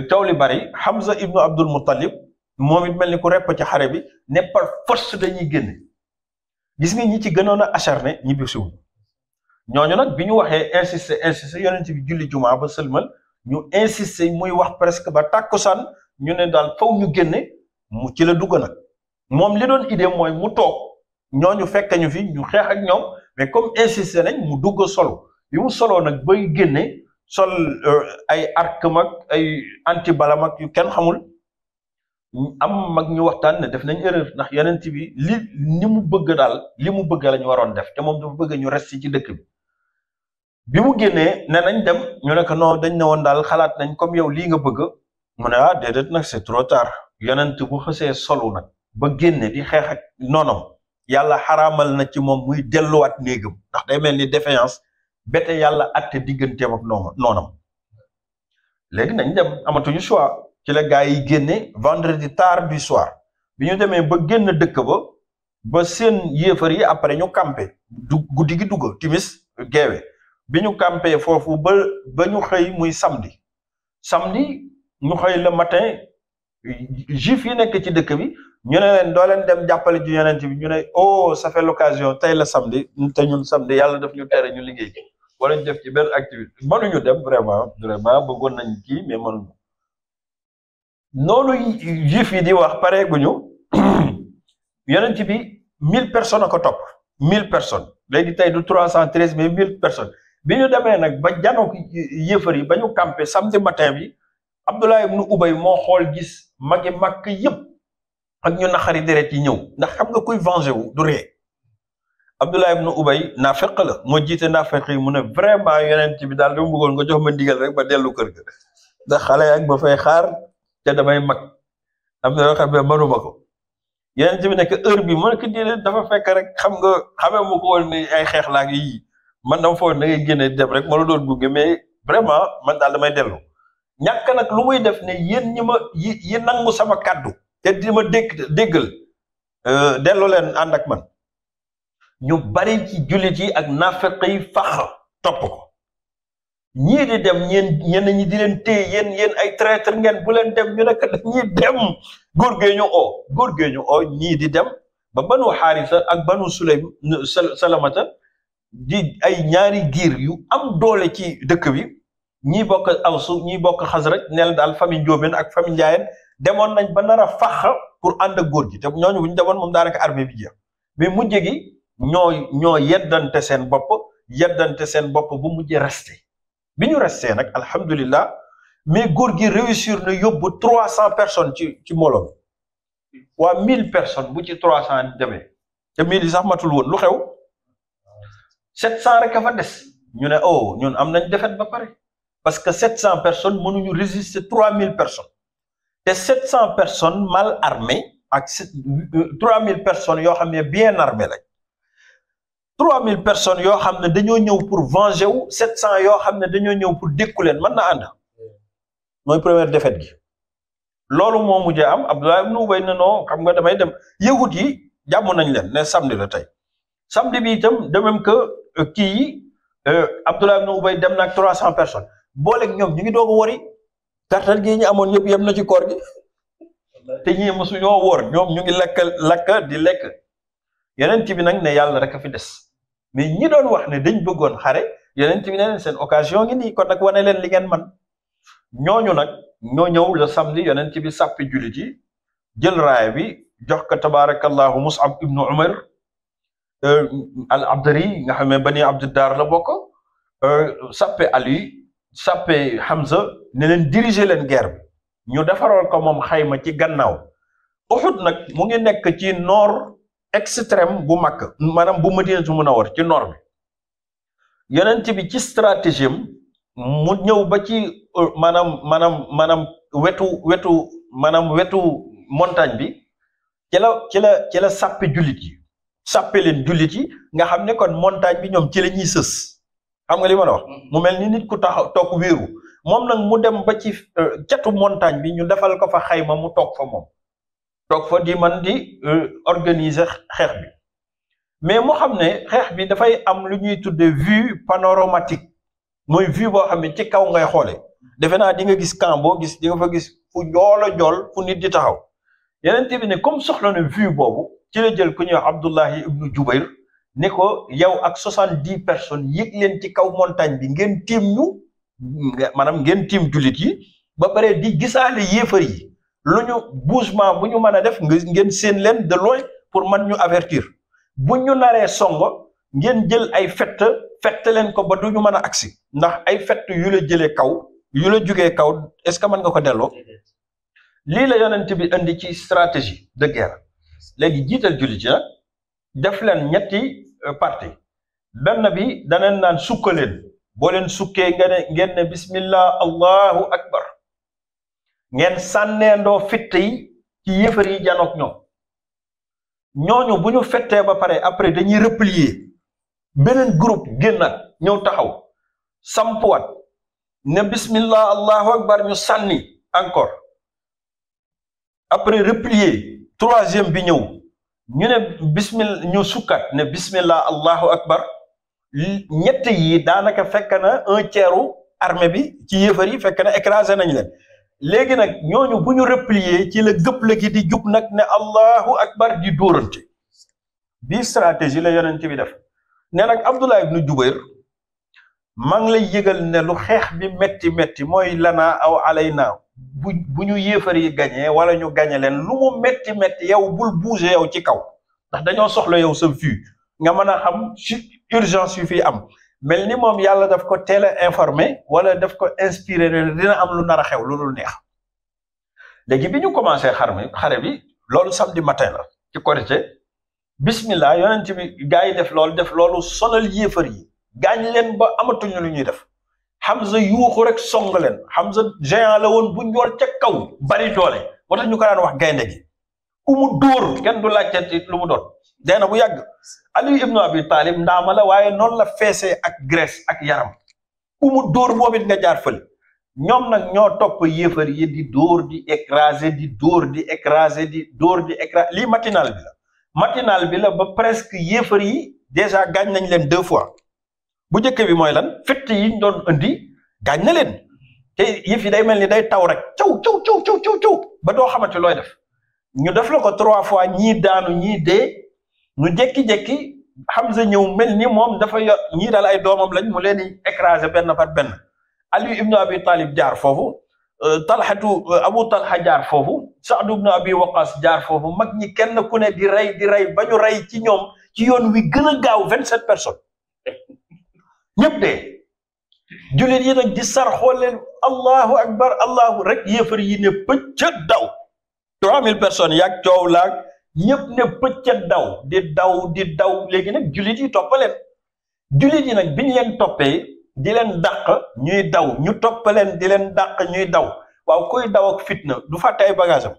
taw euh, li bari Hamza ibnu Abdul Muttalib moom it mel ni ku repp ci xare bi ne par force dañuy génn gis nga ñi ci gënoon a acharné ñibbi bisiwuñ ñooñu nag bi ñu waxee insister insister yonent bi julli jumaa ba sëlmal ñu insister muy wax presque ba tàkkusaan ñu ne daal faw ñu génne mu ci la dugg nag moom li doon idée mooy mu toog ñoo ñu fekk ñu fi ñu xeex ak ñoom mais comme insisté nañ mu dugg solo bi mu soloo nag bay génne sol euh, ay arc mag ay anti bala mag yu kenn xamul am mag ñu waxtaan ne def nañ erreur ndax yenent bi li ni mu bëgg daal li mu bëgg lañu waroon def te moom dafa bëgg ñu reste ci dëkk bi bi mu génnee ne nañ dem ñu ne ko non dañ ne woon daal xalaat nañ comme yow lii nga bëgg mu ne ah déedéet nag se trop tard yenent bu xësee solu nag ba génne di xeex noonam yàlla xaraamal na ci moom muy delluwaat néegam ndax day mel ni défaillance bete yàlla atte digganteem ak noonu noonam léegi nañ dem amatuñu choix ci la gaa yi génne vendredi tard du soir bi ñu demee ba génn dëkk ba ba seen yéefar yi après ñu campé du guddi gi dugg timis geewe bi ñu campé foofu ba ba ñu xëy muy samedi samedi ñu xëy le matin juif yi nekk ci dëkk bi ñu ne leen doo leen dem jàppale ci yonent bi ñu ne oh ça fait l'occasion tey la samedi te ñun samedi yàlla def ñu tere ñu liggéey wala ñu def ci benn activité ñu dem vraiment vraiment bëggoon nañ kii mais mënuñu noonu juif yi di wax pare guñu (clears throat) yonent bi mille personnes a topp mille personnes léegi tey du trois cent treize mais mille personnes bi ñu demee nag ba janook yéefar yi ba ñu campé samedi matin bi Abdullah ibnu Ubay moo xool gis magi màkk yëpp ak ñu naxari deret yi ñëw ndax xam nga kuy venger wu du ree Abdullah ibnu Ubay feq la moo jiite naafeq yi mu ne vraiment yonent bi daal dama bëggoon nga jox ma rek ba dellu kër ga ndax xale ak fay xaar te damay mag am na yoo xam ne mënuma ko yonent bi nekk heure bi mën ko déedéet dafa fekk rek xam nga xamee mu ko woon ni ay xeex laak yii man dama foog da ngay génne dem rek ma la doon gunge mais vraiment man daal damay dellu ñàkk nag lu muy def ne yéen ñi ma yen nangu sama kàddu te di ma dégg déggal euh, delloo leen ànd ak man ñu bari ci jullit yi ak naafeq yi fax topp ko ñii di dem ñen ñenn ñi di leen te yéen yéen ay traître ngeen bu leen dem ñu nekk ñii dem góor gee ñu oo góor gee ñii di dem ba banu xaarisa ak banu sulaym salamata di ay ñaari giir yu am doole ci dëkk bi ñii bokk awsu ñii bokk xas rek neen daal famille Njóobeen ak famille Njaayeen demoon nañ ba nar a fax pour ànd ak góor gi te ñooñu bu ñu demoon moom daanaka armée bi jeex mais mujj gi ñoo ñoo yeddante seen bopp yeddante seen bopp bu mujjee resté bi ñu resté nag alhamdulilah mais góor gi réussir na yóbbu trois cent personnes ci ci mbooloo waa mille personnes bu ci trois cent demee te mille yi sax matul woon lu xew sept cent rek a fa des ñu ne oh ñun am nañ defet ba pare. parce que 700 personnes mënuñu résister 3000 personnes te 700 personnes mal armées ak 3000 euh, personnes yoo xam ne bien armées lañ mille personnes yoo xam ne dañoo ñëw pour venger wu 700 yoo xam ne dañoo ñëw pour dékku leen mën na ànd mooy première défaite gi loolu moo mujjee am Abdoulaye ibn Ubay na non xam nga damay dem yëwut yi jàmm nañ leen ne samedi la tey samedi bi itam de que euh, kii yi euh, Abdoulaye ibn Ubay dem na ak 300 personnes. booleeg ñoom ñu ngi doog a wori tartal gi ñu amoon yëpp yem na ci koor gi mosu ñoo wóor ñoom ñu ngi lakk lakk di lekk yeneen bi nag ne yàlla rek a fi des mais ñi doon wax ne dañ bëggoon xare yeneen bi ne seen occasion ngi nii kon nag wane leen li ngeen man ñooñu nag ñoo ñëw le samedi yeneen bi sàppi jullit yi jël raaya bi jox ko tabaarakallahu mus'ab ibnu umar euh, al abdari nga xam ne bani daar la bokk euh, sàppe ali Chappé Hamza ne leen diriger leen guerre bi ñu defaroon ko moom xayma ci gannaaw Uhud nag mu ngi nekk ci noor extrême bu Makka maanaam bu Madinatu Munawwar ci nord bi yeneen bi ci stratégie mu ñëw ba ci euh, maanaam maanaam maanaam wetu wetu maanaam wetu montagne bi ci la ci la ci la sàppe jullit yi sàppe leen jullit yi nga xam ne kon montagne bi ñoom ci la sës am nga li ma la mm-hmm. mu mel ni nit ku taxaw toog wéeru moom nag mu dem ba ci euh, catu montagne bi ñu defal ko fa xayma mu toog fa moom toog fa di man di euh, organiser xeex bi mais mu xam ne xeex bi dafay am lu ñuy tuddee vue panoramatique mooy vue boo xam ci kaw ngay xoole defe naa di nga gis camp boo gis di nga fa gis fu jool a jool fu nit di taxaw yeneen bi ne comme soxla ne vue boobu ci la jël ku ñuy wax Abdullahi ibnu Jubayr ne ko yow ak soixante-dix personnes yëg leen ci kaw montagne bi ngeen tiim ñu maanaam ngeen tiim jullit yi ba pare di gisaale yéefar yi lu ñu bougement bu ñu mën a def ngeen seen leen de loin pour man ñu avertir bu ñu naree songo ngeen jël ay fett fett leen ko ba du ñu mën a agsi ndax ay fett yu la jëlee kaw yu la jugee kaw est-ce que mën nga ko delloo lii la yonent bi indi ci stratégie de guerre léegi jiital jullit yi def leen ñetti Euh, parti benn bi daneen naan sukkaleen boo leen sukkee ngeen ngeen ne bismillah allahu akbar ngeen sànneendoo fitt yi ci yëfar yi janoog ñoom ñooñu bu ñu fettee ba pare après dañuy replier beneen groupe génnaat ñëw taxaw sampuwaat ne bismillah allahu akbar ñu sànni encore après replier troisième bi ñëw ñu ne bismillah ñu sukkat ne bismillah allahu akbar ñett yi daanaka fekk na un tiers armée bi ci yëfar yi fekk na écrasé nañ leen léegi nag ñooñu bu ñu replier ci la gëpp la di jug nag ne allahu akbar di dóorante bi stratégie la yonent bi def ne nag Abdullah ibnu Jubayr maa ngi lay yëgal ne lu xeex bi metti metti mooy lanaa aw alayna bu bu ñu yéefar yi gañee wala ñu gañe leen lu mu metti metti yow bul bouger yow ci kaw ndax dañoo soxla yow sa vue nga mën a xam urgence yu fi am mel ni moom yàlla daf ko teel a informé wala daf ko inspiré ne dina am lu nar xew lu dul neex léegi bi ñu commencé xar mi xare bi loolu samedi matin la ci Korité bismillah yonent bi gaa yi def loolu def loolu solal yéefar yi gaañ leen ba amatuñu lu ñuy def Hamza yuuxu rek song leen Hamza géant la woon bu njool ca kaw bari doole wala ñu ko daan wax gaynde gi ku mu dóor kenn du laajte ci lu mu doon dee bu yàgg Aliou ibnu Abi Talib la waaye noonu la feesee ak graisse ak yaram umu mu dóor moom it nga jaar fële ñoom nag ñoo topp yéefar yi di dóor di écraser di dóor di écraser di dóor di écraser lii matinal bi matinal bi la ba presque yéefar yi déjà gaañ nañ leen deux fois bu njëkk bi mooy lan fett yi ñu doon indi gaañ na leen te yëf yi day mel ni day taw rek caw caw caw caw caw ba doo xamante looy def ñu def la ko trois fois ñii daanu ñii de ñu jékki-jékki Hamza ñëw mel ni moom dafa yor ñii daal ay doomam lañ mu leen di écrasé benn par benn Ali ibnu Abi Talib jaar foofu euh, Talxatu euh, Abu Talxa jaar foofu Saadu ibnu Abi Waqas jaar foofu mag ñi kenn ku ne di rey di rey ba ñu rey ci ñoom ci yoon wi gën a gaaw vingt sept personnes ñëpp de jullit yi nag di sar xool leen allahu akbar allahu rek yéefar yi ne pëccët daw trois mille personnes yaag coow laag ñëpp ne pëccët daw di daw di daw léegi nag jullit yi toppaleen jullit yi nag bi ñu leen toppee di leen daq ñuy daw ñu toppaleen di leen daq ñuy daw waaw koy daw ak fitna du fàtte ay bagage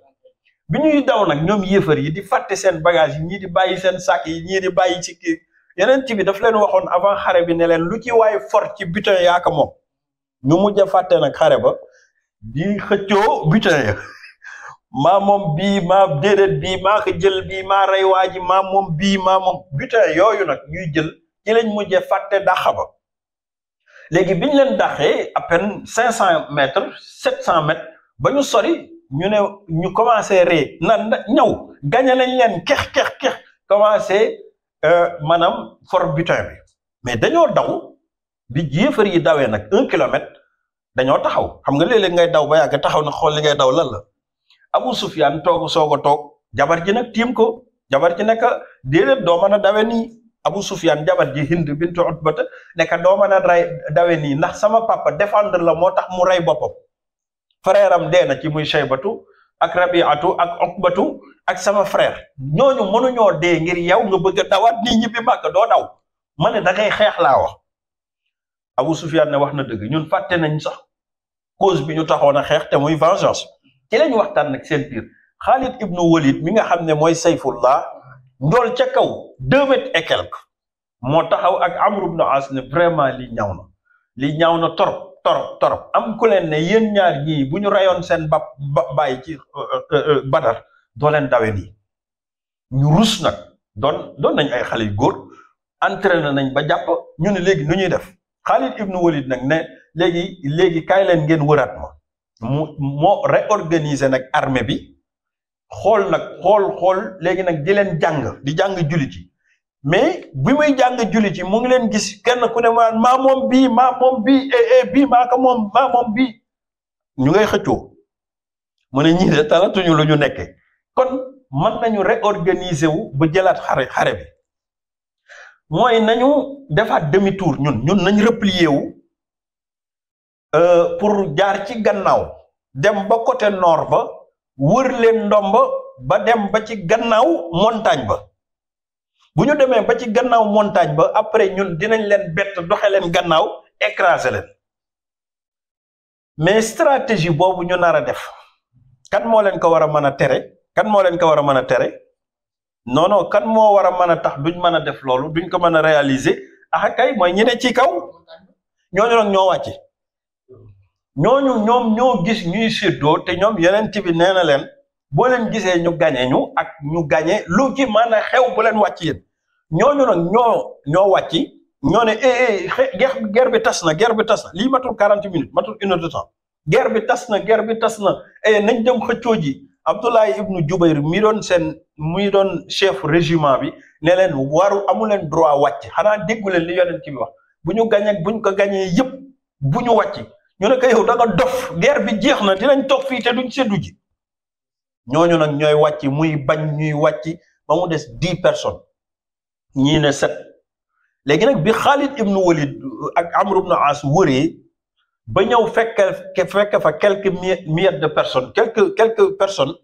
bi ñuy daw nag ñoom yéefar yi di fàtte seen bagage yi ñii di bàyyi seen sac yi ñii di bàyyi ci kii yeneen ci bi daf leen waxoon avant xare bi ne leen lu ci waaye fort ci butin yaaka moom ñu mujj a fàtte nag xare ba bi xëccoo butin ya maa moom bii maa déedéet bi maa ko jël bii maa rey waa ji maa moom bii maa moom butin yooyu nag ñuy jël ci lañ mujje fàtte dàq ba léegi biñ leen daxee à peine cinq cent mètres sept cent mètres ba ñu sori ñu ne ñu commencé ree nan ñëw gañe nañ leen kex kex kex commencé Euh, maanaam for butin bi mais dañoo daw bi yéefar yi dawee nag un kilomètre dañoo taxaw xam nga léeg ngay daw ba yàgg taxaw na xool li ngay daw lan la Abu Sufyaan toog soog a toog jabar ji nag tiim ko jabar ji nekk déedéet doo mën a dawe nii Abu Sufyaan jabar ji Hind bintu ba nekk doo mën a dawe nii ndax sama papa défendre la moo tax mu rey boppam frère am dee na ci muy Shaybatu ak rabiatu ak okbatu ak sama frère ñooñu mënuñoo dee ngir yow nga bëgg a dawaat nii ñibbi màkk doo daw ma ne da ngay xeex laa wax Abu Sufyaan ne wax na dëgg ñun fàtte nañ sax cause bi ñu taxoon a xeex te muy vengeance ci lañ waxtaan nag seen biir Khalid ibnu Walid mi nga xam ne mooy Sayfullah njool ca kaw deux mètres et moo taxaw ak Amr ibnu As ne vraiment li ñaaw na li ñaaw na torop torop torop am ku leen ne yéen ñaar ñii bu ñu rayoon seen ba bàyyi ci euh, euh, euh, badar doo leen dawe nii ñu rus nag doon doon nañ ay xale yu góor entraîné nañ ba jàpp ñu ne léegi nu ñuy def Khalid ibnu Walid nag ne léegi léegi kaay leen ngeen waraat ma mu moo réorganiser nag armée bi xool nag xool xool léegi nag di leen jàng di jàng jullit yi mais bi muy jàng julli ji mu ngi leen gis kenn ku ne maa moom bii maa moom bii eh eh bii maa ko moom maa moom bii ñu ngay xëcco mu ne ñii de talatuñu lu ñu nekke kon mën nañu réorganiser wu ba jëlaat xare xare bi mooy nañu defaat demi tour ñun ñun nañ replier wu euh, pour jaar ci gannaaw dem ba côté noor ba wërleen leen ndomba ba dem ba ci gannaaw montagne ba bu ñu demee ba ci gannaaw montage ba après ñun dinañ leen bett doxe leen gannaaw écraser leen mais stratégie boobu ñu nar a def kan moo leen ko war a mën a tere kan moo leen ko war a mën a tere non kan moo war a mën a tax duñ mën a def loolu duñ ko mën a réaliser ah mooy ñi ne ci kaw ñooñu nag ñoo wàcce ñooñu ñoom ñoo gis ñuy séddoo te ñoom yeneen bi nee na leen. boo leen gisee ñu gañe ñu ak ñu gañe lu ci mën xew bu leen wàcc yéen ñooñu nag ñoo ñoo wàcc ñoo ne eh eh guerre bi tas na guerre bi tas lii matul 40 minutes matul une heure de tas na guerre tas na eh nañ dem xëccoo ji Abdoulaye Ibnu Jubayr mi doon seen mi doon chef régiment bi ne leen waru amu leen droit wàcc xanaa déggu leen li yonent bi wax bu ñu gañee bu ñu ko gañee yëpp bu ñu wàcc ñu ne ko yow da nga dof guerre bi jeex na dinañ toog fii te duñ seddu ji. ñooñu nag ñooy wàcc muy bañ ñuy wàcc ba mu des dix personnes ñii ne sept léegi nag bi Xaalid ibnu Walid ak Amr ibnu As wëree ba ñëw fekk fekk fa quelques milliers de personnes quelques quelques personnes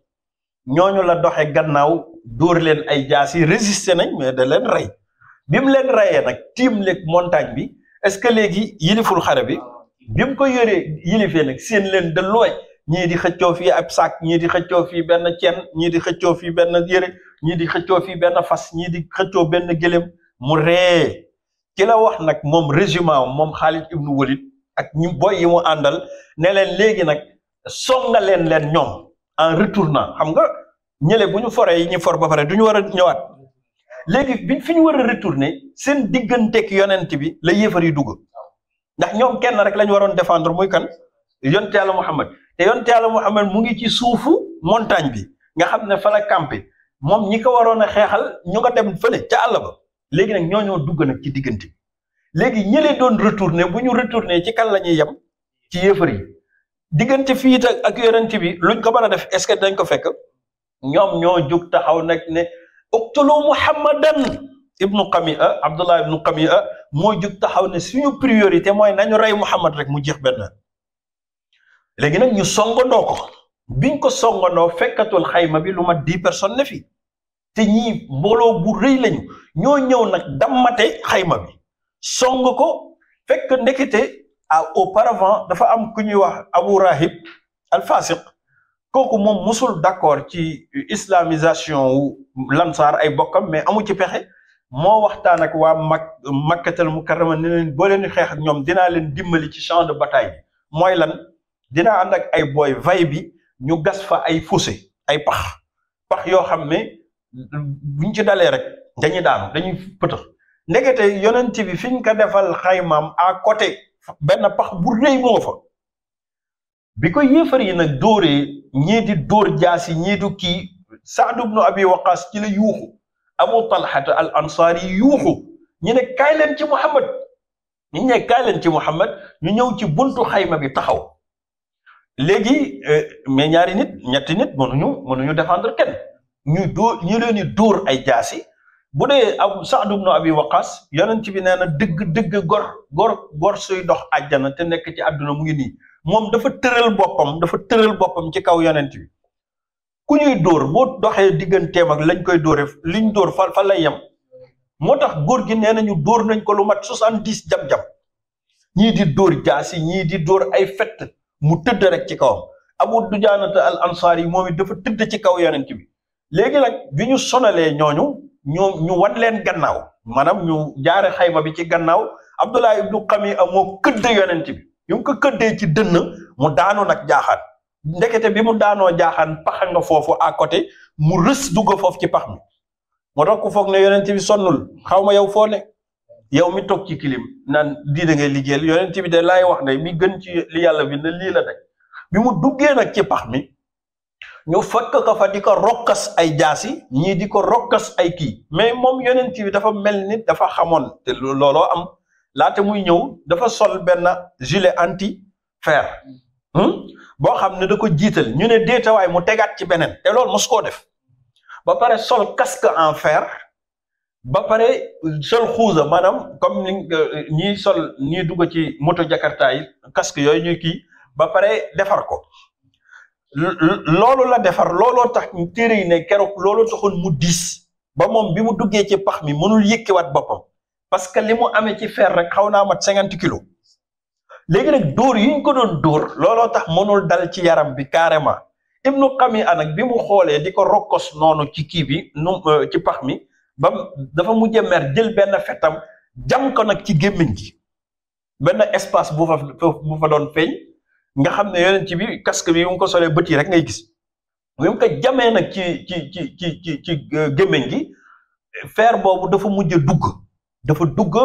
ñooñu la doxe gannaaw dóor leen ay jaas yi résister nañ mais da leen rey bi mu leen reyee nag tiim leeg montagne bi est-ce que léegi yiliful xare bi bi mu ko yoree yilifee nag seen leen de looy ñii di xëccoo fii ab sac ñii di xëccoo fii benn ceen ñii di xëccoo fii benn yére ñii di xëccoo fii benn fas ñii di xëccoo benn gëléem mu ree ci la wax nag moom résumé moom Xaalid ibnu Walid ak ñi boy yi mu àndal ne leen léegi nag songa leen leen ñoom en retournant xam nga ñële bu ñu foree yi ñu for ba fare du ñu war a ñëwaat léegi bi fi ñu war a retourner seen digganteeg yonent bi la yéefar yi dugg ndax ñoom kenn rek lañu ñu waroon défendre muy kan yonent yàlla Muhammad te yonent yàlla Muhammad mu ngi ci suufu montagne bi nga xam ne fa la campé moom ñi ko waroon a xeexal ñu nga dem fële ca àll ba léegi nag ñoo ñoo dugg nag ci diggante bi léegi ñële doon retourné bu ñu retourné ci kan la ñuy yem ci yéefar diggante fii ak yonent bi luñ ko mën a def est ce que dañ ko fekk ñoom ñoo jug taxaw nag ne uqtulu muhammadan ibnu qami'a abdullah ibnu qami'a moo jug taxaw ne suñu priorité mooy nañu rey muhammad rek mu jeex benn léegi nag ñu ko biñ ko songandoo fekkatul xayma bi lu mat dix personnes ne fi te ñii mbooloo bu rëy lañu ñoo ñëw nag dammate xayma bi song ko fekk ndekete a auparavant dafa am ku ñuy wax Abu Rahib al-Fasiq kooku moom musul d'accord ci islamisation wu lansaar ay bokkam mais amu ci pexe moo waxtaan ak waa mak makkatal mukarrama ne leen boo leen xeex ak ñoom dinaa leen dimbali ci change de bataille mooy lan. dinaa ànd ak ay booy vay bi ñu gas fa ay fossé ay pax pax yoo xam ne buñ ci dalee rek dañuy daanu dañuy pëtëx ndekete yonent bi fiñ ko defal xaymaam à côté benn pax bu rëy moo fa bi ko yéefar yi nag dóoree ñii di dóor jaasi ñii di kii Saad ibnu Abi Waqaas ci la yuuxu Abu al ansaar yi yuuxu ñu ne kaay ci Muhammad ñu ne kaay leen ci Muhammad ñu ñëw ci buntu xayma bi taxaw léegi euh, mais ñaari nit ñetti nit mënuñu mënuñu défendre kenn ñu dóor ñu leen di dóor ay jaasi bu dee ab Saad ibn Abi Waqas yonent bi nee na dëgg dëgg gor gor gor suy dox àjjana te nekk ci àdduna mu ngi nii moom dafa tëral boppam dafa tëral boppam ci kaw yonent bi ku ñuy dóor boo doxee digganteem ak lañ koy doore liñ dóor fa fa lay yem moo tax góor gi nee nañu dóor nañ ko lu mat soixante-dix jam-jam ñii di dóor jaasi ñii di door ay fett mu tëdd rek ci kawam du dujaanata al ansaar yi moom it dafa tëdd ci kaw yonent bi léegi nag bi ñu sonalee ñooñu ñoom ñu wan leen gannaaw maanaam ñu jaare xayma bi ci gannaaw abdullah du xami a moo këdd yonent bi bi mu ko këddee ci dënn mu daanu nag jaaxaan ndekete bi mu daanoo jaaxaan paxa nga foofu à côté mu rës dugga foofu ci pax mi moo tax ku foog ne yonent bi sonnul xaw ma yow foo ne yow mi toog ci kilim naan lii da ngay liggéeyal yonent bi de laay wax na mi gën ci yàlla bi ne lii la de bi mu duggee nag ci pax mi ñu fekk ko fa di ko rokkas ay jaasi ñii di ko rokkas ay kii mais moom yonent bi dafa mel ni dafa xamoon te looloo am laata muy ñëw dafa sol benn gilet enti fer hmm, boo xam ne da ko jiital ñu ne déetawaay mu tegaat ci beneen te loolu mos koo def ba pare sol casque en fer ba pare sol xuusa maanaam comme ni euh, ñiy sol ñiy dugg ci moto jakarta yi casque yooyu ñuy kii ba pare defar ko loolu la defar looloo tax téere yi ne keroog loolo taxoon mu diis ba moom bi mu duggee ci pax mi mënul yëkkiwaat boppam parce que li mu amee ci fer rek xaw naa mat cinquante kilos léegi nag duur yi ñu ko doon dóor looloo tax mënul dal ci yaram bi carrément Ibnu Qami'a nag bi mu xoolee di ko rokkos noonu ci kii bi nu euh, ci pax mi ba dafa mujjee mer jël benn fetam jam ko nag ci gémmiñ gi benn espace bu fa bu fa doon feeñ nga xam ne yonent bi casque bi mu ngi ko solee bët yi rek ngay gis bi mu ko jamee nag ci ci ci ci ci ci euh, gémmiñ gi fer boobu dafa mujj dugg dafa dugg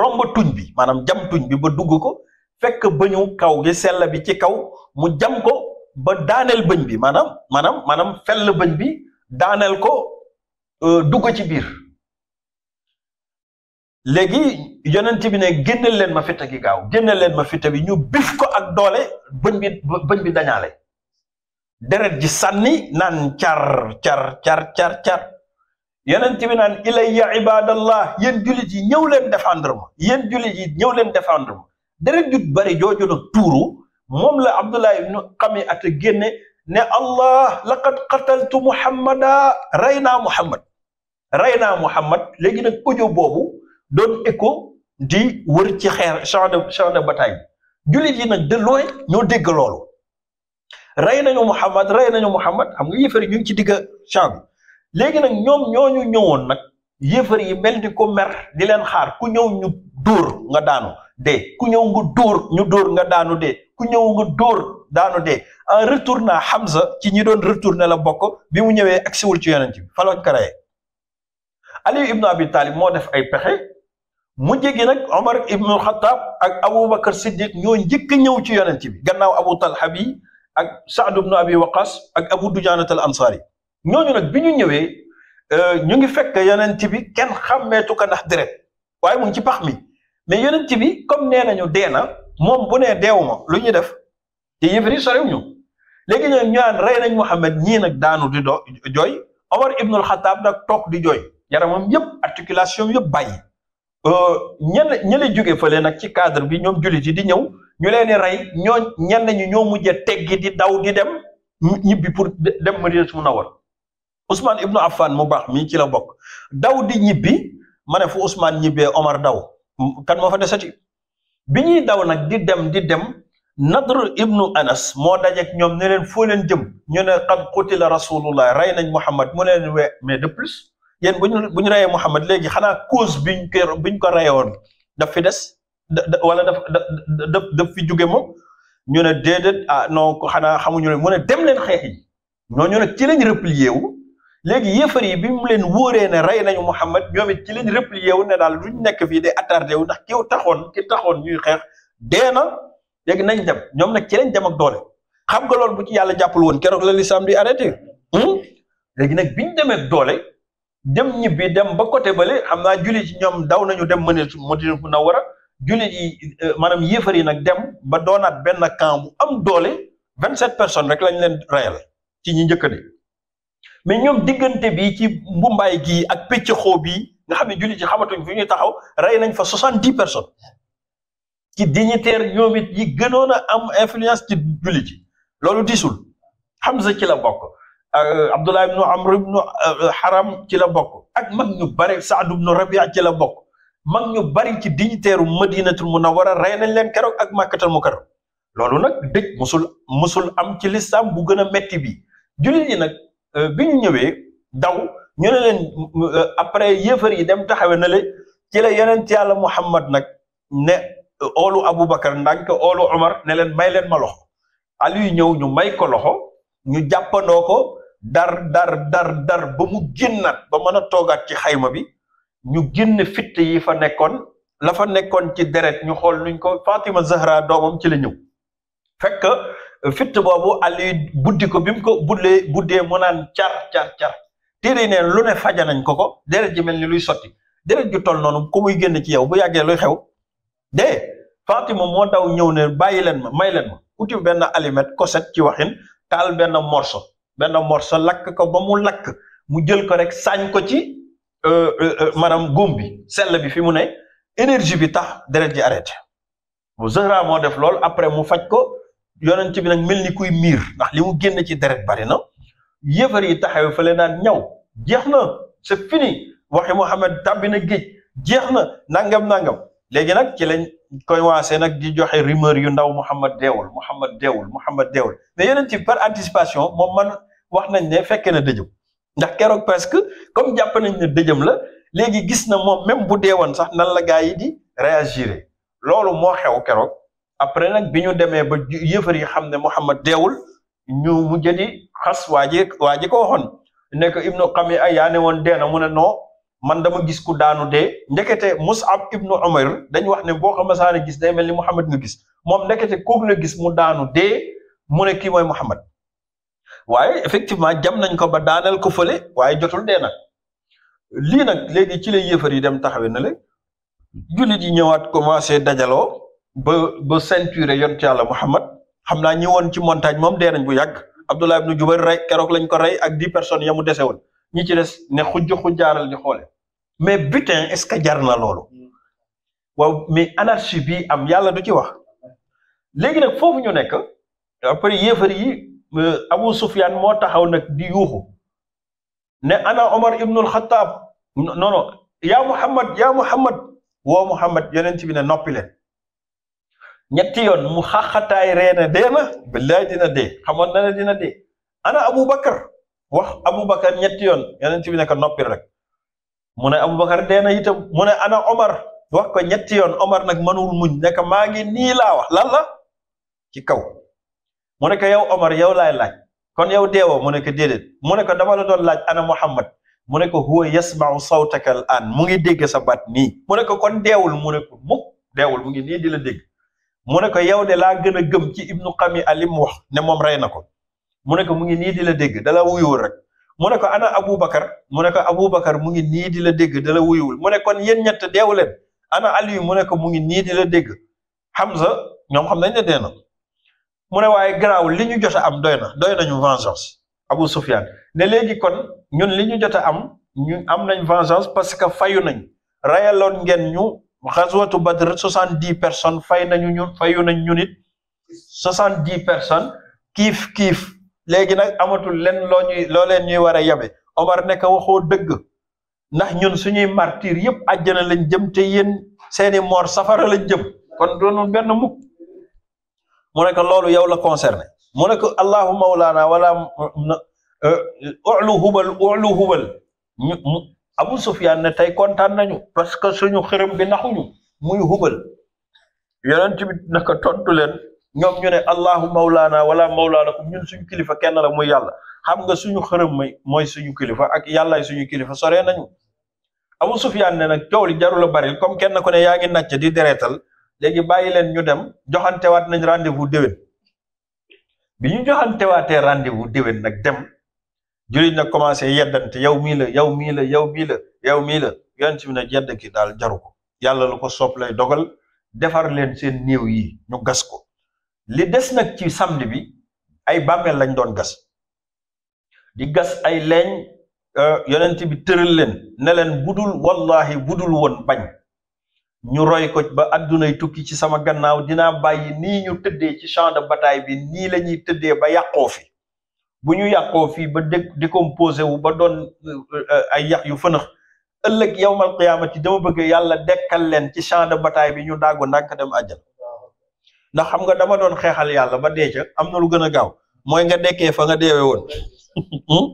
romb tuñ bi maanaam jam tuñ bi ba dugg ko fekk bëñu kaw gi sell bi ci kaw mu jam ko ba daaneel bëñ bi maanaam maanaam maanaam fell bëñ bi daaneel ko Euh, dugg ci biir léegi yonent bi ne génneel leen ma fitta gi gaaw génneel leen ma fitta bi ñu bif ko ak doole bën bi bëñ bi dañaale deret ji sànni nan car car car car car yonent bi naan ilayya ibadallah yéen jullit yi ñëw leen défendre ma yéen jullit yi ñëw leen défendre ma deret ju bari jooju nag tuuru moom la Abdullah ibnu Qami at génne ne Allah laqad qataltu Muhammada rey naa Muhammad rey naa Muhammad léegi nag audio boobu doon écho di wër ci xeer champ de champ de bataille jullit yi nag de loin ñoo dégg loolu rey nañu Muhammad rey nañu Muhammad xam nga yëfar yi ñu ngi ci digg champ bi léegi nag ñoom ñooñu ñëwoon nag yéefar yi mel ni ko mer di leen xaar ku ñëw ñu dóor nga daanu de ku ñëw nga dóor ñu dóor nga daanu dee ku ñëw nga dóor daanu dee en retournant Hamza ci ñi doon retourné la bokk bi mu ñëwee agsiwul ci yonent bi fa la ko Ali ibnu Abi Talib moo def ay pexe mu jéggi nag Omar ibnu Xattaab ak Aboubacar Siddiq ñoo njëkk a ñëw ci yonent bi gannaaw Abu Talha bi ak Saad ibnu Abi Waqas ak Abu Dujaanat al Ansaari ñooñu nag bi ñu ñëwee euh, ñu ngi fekk yonent bi kenn xàmmeetu ko ndax deret waaye mu ngi ci pax mi mais yonent bi comme nee nañu dee na moom bu nee ma lu ñu def te yëfari soriw ñu léegi ñoom ñaan rey nañ Muhammad ñii nag daanu di do jooy Omar ibnul Xattaab nag toog di jooy yaramam yëpp articulation yëpp bàyyi euh, ñenn ña lay jóge fële nag ci cadre bi ñoom jullit yi di ñëw ñu leen di rey ñoo ñenn ñi ñoo mujj a teggi di daw di dem ñibbi pour dem ma Madinatul Munawwara Ousmane Ibnu Affan mu baax mii ci la bokk daw di ñibbi ma ne fu Ousmane ñibbee Omar daw kan moo fa desati bi ñuy daw nag di dem di dem Nadr ibnu Anas moo dajeek ñoom ne leen foo leen jëm ñu ne qad qutila rasulullah rey nañ Muhammad mu ne leen we mais de plus. yéen bu ñu bu ñu reyee Muhammad léegi xanaa cause biñ ko biñ ko reyoon daf fi des wala daf daf daf fi jóge moom ñu ne déedéet ah non xanaa xamuñu ne mu ne dem leen xeex yi ñooñu nag ci lañ replié wu léegi yéefar yi bi mu leen wóoree ne rey nañu Muhammad ñoom it ci lañ replié wu ne daal duñ nekk fii de attardé wu ndax kiw taxoon ki taxoon ñuy xeex dee na léegi nañ dem ñoom nag ci lañ dem doole xam nga loolu bu ci yàlla jàppal woon keroog la lislaam di arrêté hmm? léegi nag biñ demee doole. dem ñibbi dem ba côté bale xam naa jullit yi ñoom daw nañu dem mën Madina Munawwara jullit yi euh, maanaam yéefar yi nag dem ba doonaat benn camp bu am doole vingt sept personnes rek lañ leen reyal ci ñi njëkk mais ñoom diggante bi ci mbumbaay gii ak pécc xoo bii nga xam ne jullit yi xamatuñ fu ñu taxaw rey nañ fa soixante dix personnes ci dignitaire ñoom it yi gënoon a am influence ci jullit yi loolu disul Hamza ci la bokk Euh, Abdullah ibnu Amr ibnu euh, euh, Haram ci la bokk ak mag ñu bari Saad ibnu Rabia ci la bokk mag ñu bari ci dignitaireu Madinatul Munawwara rey nañ leen keroog ak Makkatul Mukarram loolu nag dëj musul musul am ci lislaam bu gën a metti bi jullit yi nag bi ñu ñëwee daw ñu ne leen après yéefar yi dem taxawe na le ci la yonent yàlla Muhammad nag ne oolu Aboubacar ndànk oolu Omar ne leen may leen ma loxo Aliou ñëw ñu may ko loxo ñu jàppandoo dar dar dar dar ba mu génnaat ba mën a toogaat ci xayma bi ñu génn fitt yi fa nekkoon la fa nekkoon ci deret ñu xool nuñ ko Fatima Zahra doomam ci la ñëw fekk fitt boobu Ali buddi ko bi mu ko buddee buddee mu naan car car car téere neen lu ne faja nañ ko ko deret ji mel ni luy sotti deret ju toll noonu ku muy génn ci yow bu yàggee luy xew dee Fatima moo daw ñëw ne bàyyi leen ma may leen ma uti benn alimet koset ci waxin taal benn morso benn morso lakk ko ba mu lakk mu jël ko rek saañ ko ci euh, euh, euh, maanaam góom bi sell bi fi mu ne énergie bi tax deret ji arrêté bu Zahra moo def lool après mu faj ko yonent bi nag mel ni kuy miir ndax li mu génn ci deret bari na yëfar yi taxaw fële naan ñaw jeex na c'est fini waxi Muhammad tàbbi na géej jeex na nangam nangam. léegi nag ci lañ koy waasee nag di joxe rumeur yu ndaw Mouhamad deewul Mouhamad deewul Mouhamad deewul mais yeneen ci par anticipation moom man wax nañ ne fekke na dëjëm ndax keroog que comme jàpp nañ ne dëjëm la léegi gis na moom même bu deewoon sax nan la gaa yi di réagir loolu moo xew keroog après nag bi ñu demee ba yëfar yi xam ne Mouhamad deewul ñu mujj di xas waa ji waa ji ko waxoon nekk ko ibnu xam ay yaa ne woon dee a mu ne non. man dama gis ku daanu dee ndekete Mus'ab ibnu Umayr dañ wax ne boo ko masaane gis day mel ni Muhammad nga gis moom ndekete kooku la gis mu daanu dee mu ne kii mooy Muhammad waaye effectivement jam nañ ko ba daaneel ko fële waaye jotul dee na lii nag léegi ci la yéefar yi dem taxawee na la jullit yi ñëwaat commencé dajaloo ba ba ceinture ci yàlla Muhammad xam naa ñi woon ci montagne moom dee nañ bu yàgg Abdullah ibnu Jubayr rek keroog lañ ko rey ak dix personnes ya mu dese woon ñi ci des ne xujj xujjaaral di xoole mais butin est-ce que jar na loolu waaw mais anarchie bi am yàlla du ci wax léegi nag foofu ñu nekk après yéefar yi euh, Abu Sufyaan moo taxaw nag di yuuxu ne ana Omar ibnul Xattaab non non yaa Muhammad yaa Muhammad woo Muhammad yonent bi ne noppi leen ñetti yoon mu xaxataay reena dee na billaay dina dee xamoon na ne dina dee ana Abu Bakar wax Abu Bakar ñetti yoon yonent bi ne ko noppil rek. mu ne Aboubacar dee na itam mu ne ana Omar wax ko ñetti yoon Omar nag mënul muñ ne maa ngi nii laa wax lan la ci kaw mu ne ko yow Omar yow laay laaj kon yow deewoo mu ne ko déedéet mu ne ko dama la doon laaj ana Muhammad mu ne ko huwa yasma'u sawtaka al an mu ngi dégg sa baat nii mu ne ko kon deewul mu ne ko mukk deewul mu ngi nii di la dégg mu ne ko yow de laa gën a gëm ci ibnu xami alim wax ne moom rey na ko mu ne ko mu ngi nii di la dégg dala wuyuwul rek mu ne ko ana Aboubacar mu ne ko Aboubacar mu ngi nii di la dégg dala la wuyuwul mu kon yéen ñett deewu leen ana Aliou mu ne ko mu ngi nii di la dégg Hamza ñoom xam nañ ne dee na mu ne waaye garaaw li ñu jot a am doy na doy nañu vengeance Abou Soufiane ne léegi kon ñun li ñu jot am ñu am nañ vengeance parce que fayu nañ rayaloon ngeen ñu xaswatu Badr soixante dix personnes fay nañu ñun fayu nañ ñun it soixante dix personnes kiif kiif. léegi nag amatul len loo ñuy loo leen ñuy war a yabe Omar ne ko waxoo dëgg ndax ñun suñuy martir yëpp àjjana lañ jëm te yéen seeni moor safara lañ jëm kon doonul benn mukk mu ne loolu yow la concerné mu ne ko allahu mawlaana wala e, ulu hubal ulu hubal ñu Abu Sufyaan ne tey kontaan nañu parce que suñu xirim bi naxuñu muy hubal yonent bi naka tontu leen ñoom ñu ne allahu mawlaana wala mawlaanakum ñun suñu kilifa kenn la muy yàlla xam nga suñu xërëm mooy suñu kilifa ak yàllaay suñu kilifa sore nañu Abu Sufyaan ne nag coow li jarul a bari comme kenn ku ne yaa ngi nàcc di deretal léegi bàyyi leen ñu dem joxantewaat nañ rendez-vous déwén bi ñu joxantewaatee rendez-vous déwén nag dem jullit na commencé yeddante yow mii la yow mii la yow mii la yow mii la yonent bi nag yedd ki daal jaruko ko yàlla lu ko soob lay dogal defar leen seen néew yi ñu gas li des nag ci samedi bi ay bàmmeel lañ doon gas di gas ay leeñ euh, yonent bi tëral leen ne leen budul wallahi budul woon bañ ñu roy ko ba addunay tukki ci sama gannaaw dinaa bàyyi nii ñu tëddee ci champ de bi nii la tëddee ba yàqoo fi bu ñu yàqoo fii ba dé décomposé wu ba doon euh, ay yax yu fënax ëllëg yawmal qiyaamati dama bëgg yàlla dekkal leen ci champ bataay bataille bi ñu daggu ndànk dem àjjana ndax xam nga dama doon xeexal yàlla ba dee ca am na lu gën a gaaw mooy nga dekkee fa nga deewee woon hmm?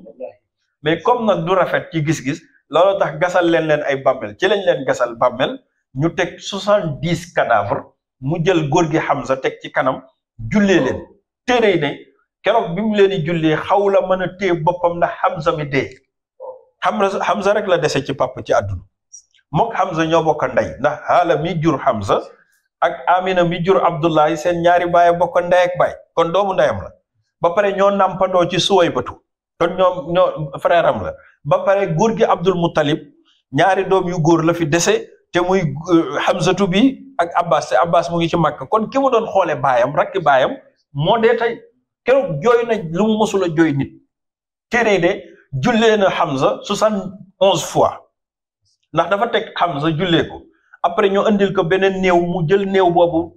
mais comme nag du rafet ci gis-gis loolu tax gasal leen leen ay bàmmel ci lañ leen gasal bàmmel ñu teg soixante diis cadavre mu jël góor gi Hamza teg ci kanam jullee leen téere ne keroog bi mu leen di jullee xaw la mën a téye boppam ndax Hamza mi dee Hamza rek la dese ci papa ci àdduna mook Hamza ñoo bokk ndey ndax xaala mi jur Hamza ak Amina mi jur Abdullahi seen ñaari baay bokk ndey ak baay kon doomu ndeyam la ba pare ñoo nampandoo ci suway batu kon ñoom ñoo frère la ba pare góor gi Abdul Muttalib ñaari doom yu góor la fi dese te muy euh, Hamzatu bi ak Abbas te Abbas mu ngi ci Makka kon ki mu doon xoole baayam rakki baayam moo dee tey keroog jooy na lu mu mosula jooy nit téere de jullee na Hamza soixante onze fois ndax dafa teg Hamza jullee ko après ñu andil ko beneen néew mu jël néew boobu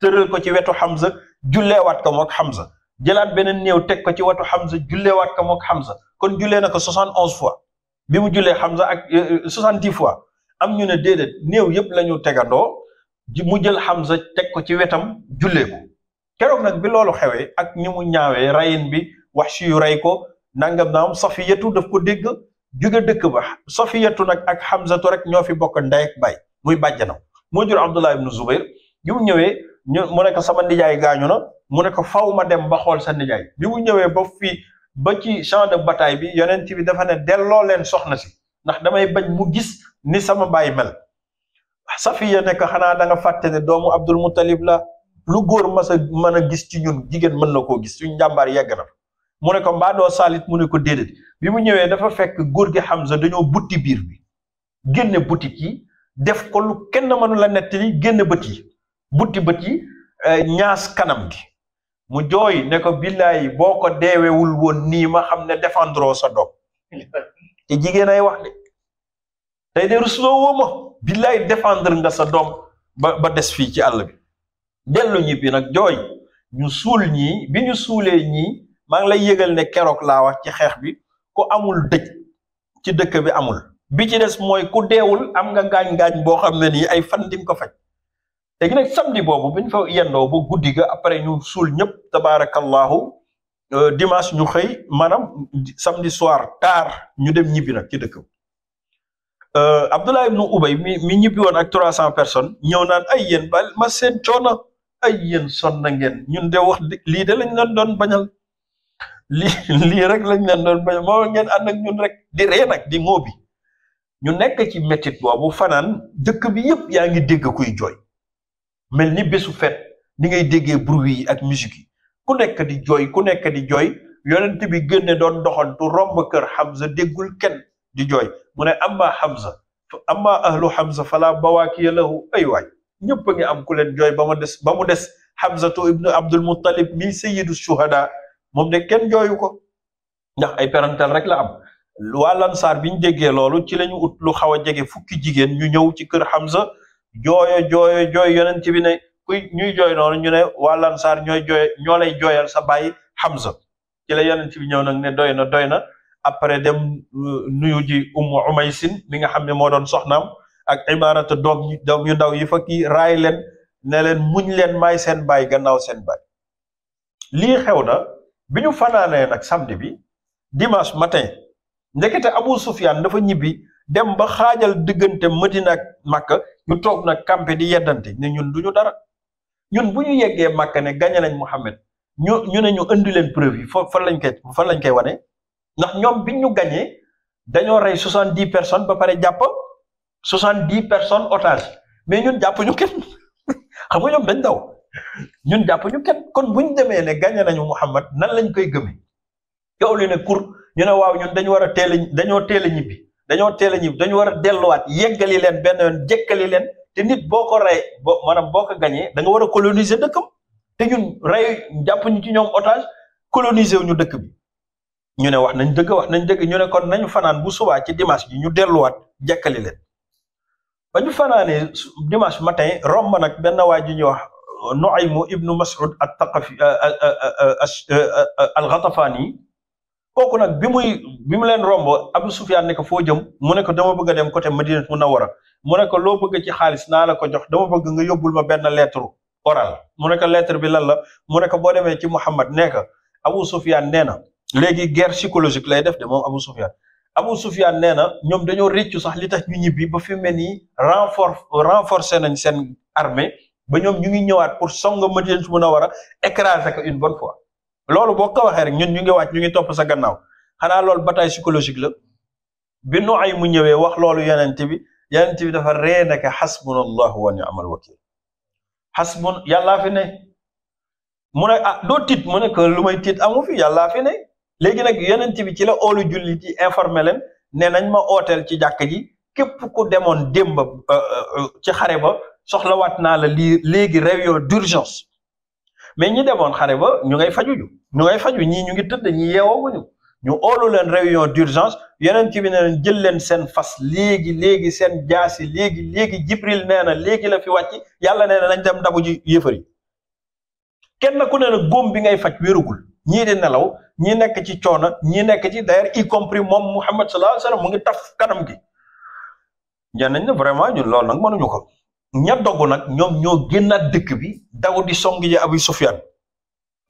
tëral ko ci wetu Hamza julleewaat ko mook Hamza jëlaat beneen néew teg ko ci wetu Hamza julleewaat ko mook Hamza kon jullee na ko soixante onze fois bi mu jullee Hamza ak euh, euh, soixante dix fois am ñu ne déedéet néew yépp lañu ñu tegandoo mu jël Hamza teg ko ci wetam jullee ko keroog nag bi loolu xewee ak ñi ñaawee rayin bi wax si yu rey ko nangam na naam Safiyatu daf ko dégg jóge dëkk ba Safiyatu nag ak Hamzatu rek ñoo fi bokk ndey ak muy bàjjanam moo jur Abdullah ibn Zubair bi mu ñëwee ñu mu ne sama nijaay gaañu na mu ne ko faw ma dem ba xool sa nijaay bi mu ñëwee ba fii ba ci champ de bataille bi yonent bi dafa ne delloo leen soxna si ndax damay bañ mu gis ni sama baay mel Safiya ne ko xanaa da nga fàtte ne doomu Abdul Muttalib la lu góor mas a mën a gis ci ñun jigéen mën na koo gis suñu njàmbaar yegg na mu ne ko mbaa doo saalit mu ne ko déedéet bi mu ñëwee dafa fekk góor gi Hamza dañoo butti biir bi génne boutique yi def ko lu kenn mënu la nettali génn bët yi butti bët yi eh, ñaas kanam gi mu jooy ne ko billaay boo ko deewewul woon nii ma xam ne défendroo sa doom te jigéen ay wax de tey de rusloo woo ma billaay défendre nga sa doom ba des fii ci àll bi dellu ñibbi nag jooy ñu suul ñii bi ñu suulee ñii maa ngi lay yëgal ne keroog laa wax ci xeex bi ko amul dëj ci dëkk bi amul bi ci des mooy ku deewul am nga gaañ-gaañ boo xam ne nii ay fan di nga ko faj léegi nag samedi boobu biñ fa yendoo ba guddi ga après ñu suul ñëpp tabaarakallahu euh, dimanche ñu xëy maanaam samedi soir tard ñu dem ñibbi nag ci dëkkam euh, Abdullah ibnu Ubay mi mi ñibbi woon ak trois cents personnes ñëw naan ay yéen ba ma seen coono ay yéen son na ngeen ñun de wax lii de lañ leen doon bañal lii lii rek lañ leen doon bañal moo ngeen ànd ak ñun rek di ree nag di ngóobi ñu nekk ci métit boobu fanaan dëkk bi yëpp yaa ngi dégg kuy jooy mel ni bésu fet ni ngay déggee bruit yi ak musique ku nekk di jooy ku nekk di jooy yonent bi génne doon doxantu romb kër Hamza déggul kenn di jooy mu ne amma Hamza amma ahlu Hamza fala bawaakiya lahu ay waay ñëpp a ngi am ku leen jooy ba ma des ba mu des Hamzatu ibnu Abdul Muttalib mi sayyidu shuhada moom ne kenn jooyu ko ndax ay parental rek la am waa Ansaar bi ñu déggee loolu ci lañu ut lu xaw a jege fukki jigéen ñu ñëw ci kër Hamza jooyo jooyo jooy yonent bi ne kuy ñuy jooy noonu ñu ne waa Ansaar ñooy jooy ñoo lay jooyal sa baay Hamza ci la yonent bi ñëw nag ne doy na doy na après dem euh, nuyu ji Ummu Umaysin mi nga xam ne moo doon soxnaam ak Imarata doom doom yu ndaw yi fa kii raay leen ne leen muñ leen may seen baay gannaaw seen baay lii xew na bi ñu fanaanee nag samedi bi dimanche matin. ndekete Abu Sufyaan dafa ñibbi dem ba xaajal diggante Madina ak Makka ñu toog nag campé di yeddante ne ñun du ñu dara ñun bu ñu yeggee makk ne gañe nañ Muhammad ñu ñu ne ñu indi leen preuve yi fo fan lañ koy fan lañ koy wane ndax ñoom bi ñu gañee dañoo rey soixante dix personnes ba pare jàpp soixante dix personnes otage mais ñun jàpp ñu kenn (laughs) xam nga ñoom dañ daw ñun jàpp ñu kenn kon buñ demee ne gañe nañu Muhammad nan lañ koy gëmee yow kur ñu ne waaw ñun dañu war a teel a dañoo teel a ñibbi dañoo teel a ñibbi dañu war a delluwaat yeggali leen benn yoon leen te nit boo ko rey boo boo ko gañee da nga war a coloniser dëkkam te ñun rey jàpp ñu ci ñoom otage coloniser wu ñu dëkk bi ñu ne wax nañ dëkk wax nañ dëgg ñu ne kon nañu fanaan bu subaa ci dimanche bi ñu delluwaat jekkali leen ba ñu fanaanee dimanche matin romb nag benn waa ji ñuy wax Nuaymu ibnu Mas'ud at-Taqafi euh, euh, euh, al-Ghatafani kooku nag bi muy bi mu leen romb Abu Sufyaan ne ko foo jëm mu ne ko dama bëgg a dem côté Madinatu Munawwara mu ne ko loo bëgg ci xaalis naa la ko jox dama bëgg nga yóbbul ma benn lettre oral mu ne ko lettre bi lan la mu ne boo demee ci Muhammad nee ko Abu Sufyaan nee na léegi guerre psychologique lay def de moom Abu Sufyaan Abu Sufyaan nee na ñoom dañoo réccu sax li tax ñu ñibbi ba fi mu ne nii renfor renforcer nañ seen armée ba ñoom ñu ngi ñëwaat pour song Madinatu Munawwara écraser ko une bonne fois loolu boo ko waxee rek ñun ñu ngi wàcc ñu ngi topp sa gannaaw xanaa loolu bataille psychologique la bi nu ay mu ñëwee wax loolu yonent bi yonent bi dafa ree nekk xasbuna allahu wa ni'mal wakiil xasbun yàlla fi ne mu ne ah doo tiit mu ne que lu may tiit amu fi yàllaa fi ne léegi nag yonent bi ci la olu jullit ci informé leen ne nañ ma ooteel ci jàkk gi képp ku demoon démb euh, euh, ci xare ba soxlawaat naa la lii léegi réunion d'urgence mais ñi demoon xare ba ñu ngay fajuju ñu ngay faju ñii ñu ngi tëdd ñi yeewooguñu ñu oolu leen réunion d'urgence yeneen ci bi jël leen seen fas léegi léegi seen jaasi léegi léegi jibril nee na léegi la fi wàcc yàlla nee na nañ dem dabu ji yéefar yi kenn ku ne nag bi ngay faj wérugul ñii di nelaw ñii nekk ci coono ñi nekk ci d'ailleurs y compris moom Muhammad sallallahu alayhi wasallam mu ngi taf kanam gi ñenn ñi ne vraiment ñun loolu nag mënuñu ko ña dogg nag ñoom ñoo génnaat dëkk bi daw di song ji Abu Sufyaan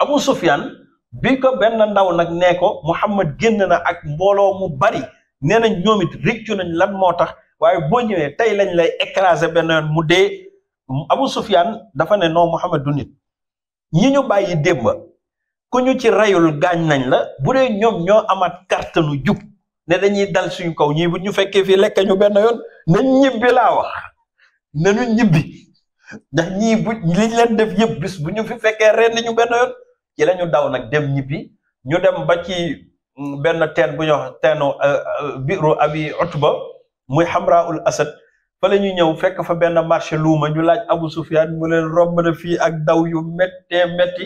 Abu Sufyaan bi ko benn ndaw nag nee ko Muhammad génn na ak mbooloo mu bari nee nañ ñoom rëccu nañ lan moo tax waaye boo ñëwee tey lañ lay écraser benn yoon mu dee Abu Sufyaan dafa ne non Muhammad du nit ñi ñu bàyyi démba ku ñu ci reyul gaañ nañ la bu dee ñoom ñoo amaat kàttanu jub ne dañuy dal suñu kaw ñii bu ñu fekkee fii lekk ñu benn yoon nañ ñibbi laa wax. nanu ñibbi ndax ñii bu liñ leen def yëpp bu ñu fi fekkee ren ñu benn yoon ci la ñu daw nag dem ñibbi ñu dem ba ci mm, benn teen bu ñuy wax teenu euh, euh, biiru abi utba muy xamraul asad fa la ñu ñëw fekk fa benn marché luuma ñu laaj abu sufyaan mu leen romb na fii ak daw yu méttee métti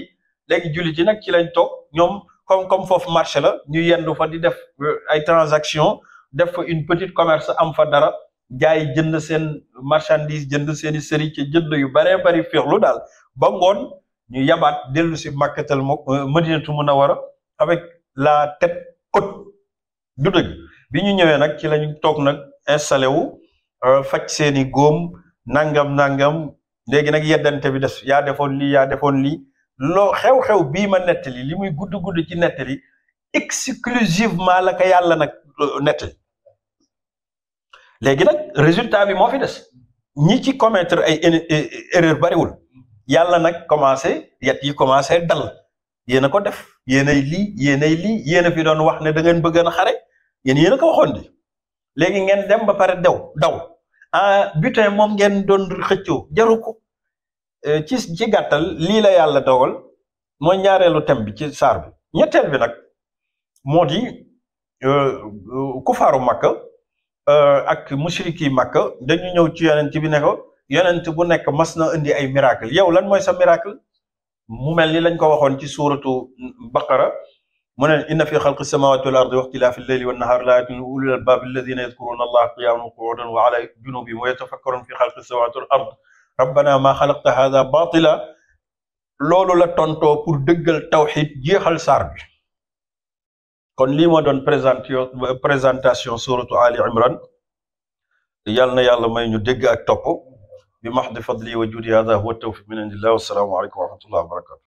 léegi jullit yi nag ci lañ toog ñoom comme comme foofu marché la ñu yendu fa di def euh, ay transaction def fa une petite commerce am fa dara jaay jënd seen marchandise jënd seeni i sëri ci jënd yu baree bari féexlu daal ba ngoon ñu yabaat dellu si màkkatal mo euh, madinatu munawara avec la tête haute du dëgg bi ñu ñëwee nag ci lañu toog nag installé wu euh, faj seeni góom nangam nangam léegi nag yeddante bi des yaa defoon lii yaa defoon lii loo xew-xew bii ma nettali li muy gudd gudd ci nettali exclusivement la ko yàlla nag euh, nettali léegi nag résultat bi moo fi des ñi ci commettre ay er-, er-, erreur bariwul yàlla nag commencé yet yi commencé dal yéen a ko def yéenay lii yéenay lii yéen a fi doon wax ne da ngeen bëgg a xare yéen yéen a ko waxoon di léegi ngeen dem ba pare daw daw ah butin moom ngeen doon xëccoo jaru ko euh, ci ci gàttal lii la yàlla dogal mooy ñaareelu thème bi ci saar bi ñetteel bi nag moo di euh, ku faaru Makka Euh, ak mushriki Makka dañu ñëw ci yonent bi ne ko yonent bu nekk mas na indi ay miracle yow lan mooy sa miracle mu mel ni lañ ko waxoon ci suuratu baqara mu ne inna fi xalqi samawati wal ardi wa ixtilaafi lleyli wan nahaari la ayatin ulil albab alladina yadkuruna allaha qiyaman wa quudan wa ala junubihim wa yatafakkarun fi xalqi samawati wal ard rabbana ma xalaqta hada batila loolu la tontoo pour dëggal tawxid jeexal saar bi kon lii moo doon présentation présentation suratu Ali Imran yàlla na yàlla may ñu dégg ak topp bi mahdi fadli wa judi hada huwa tawfiq min indillah wassalaamu aleykum wa rahmatullah wa barakatu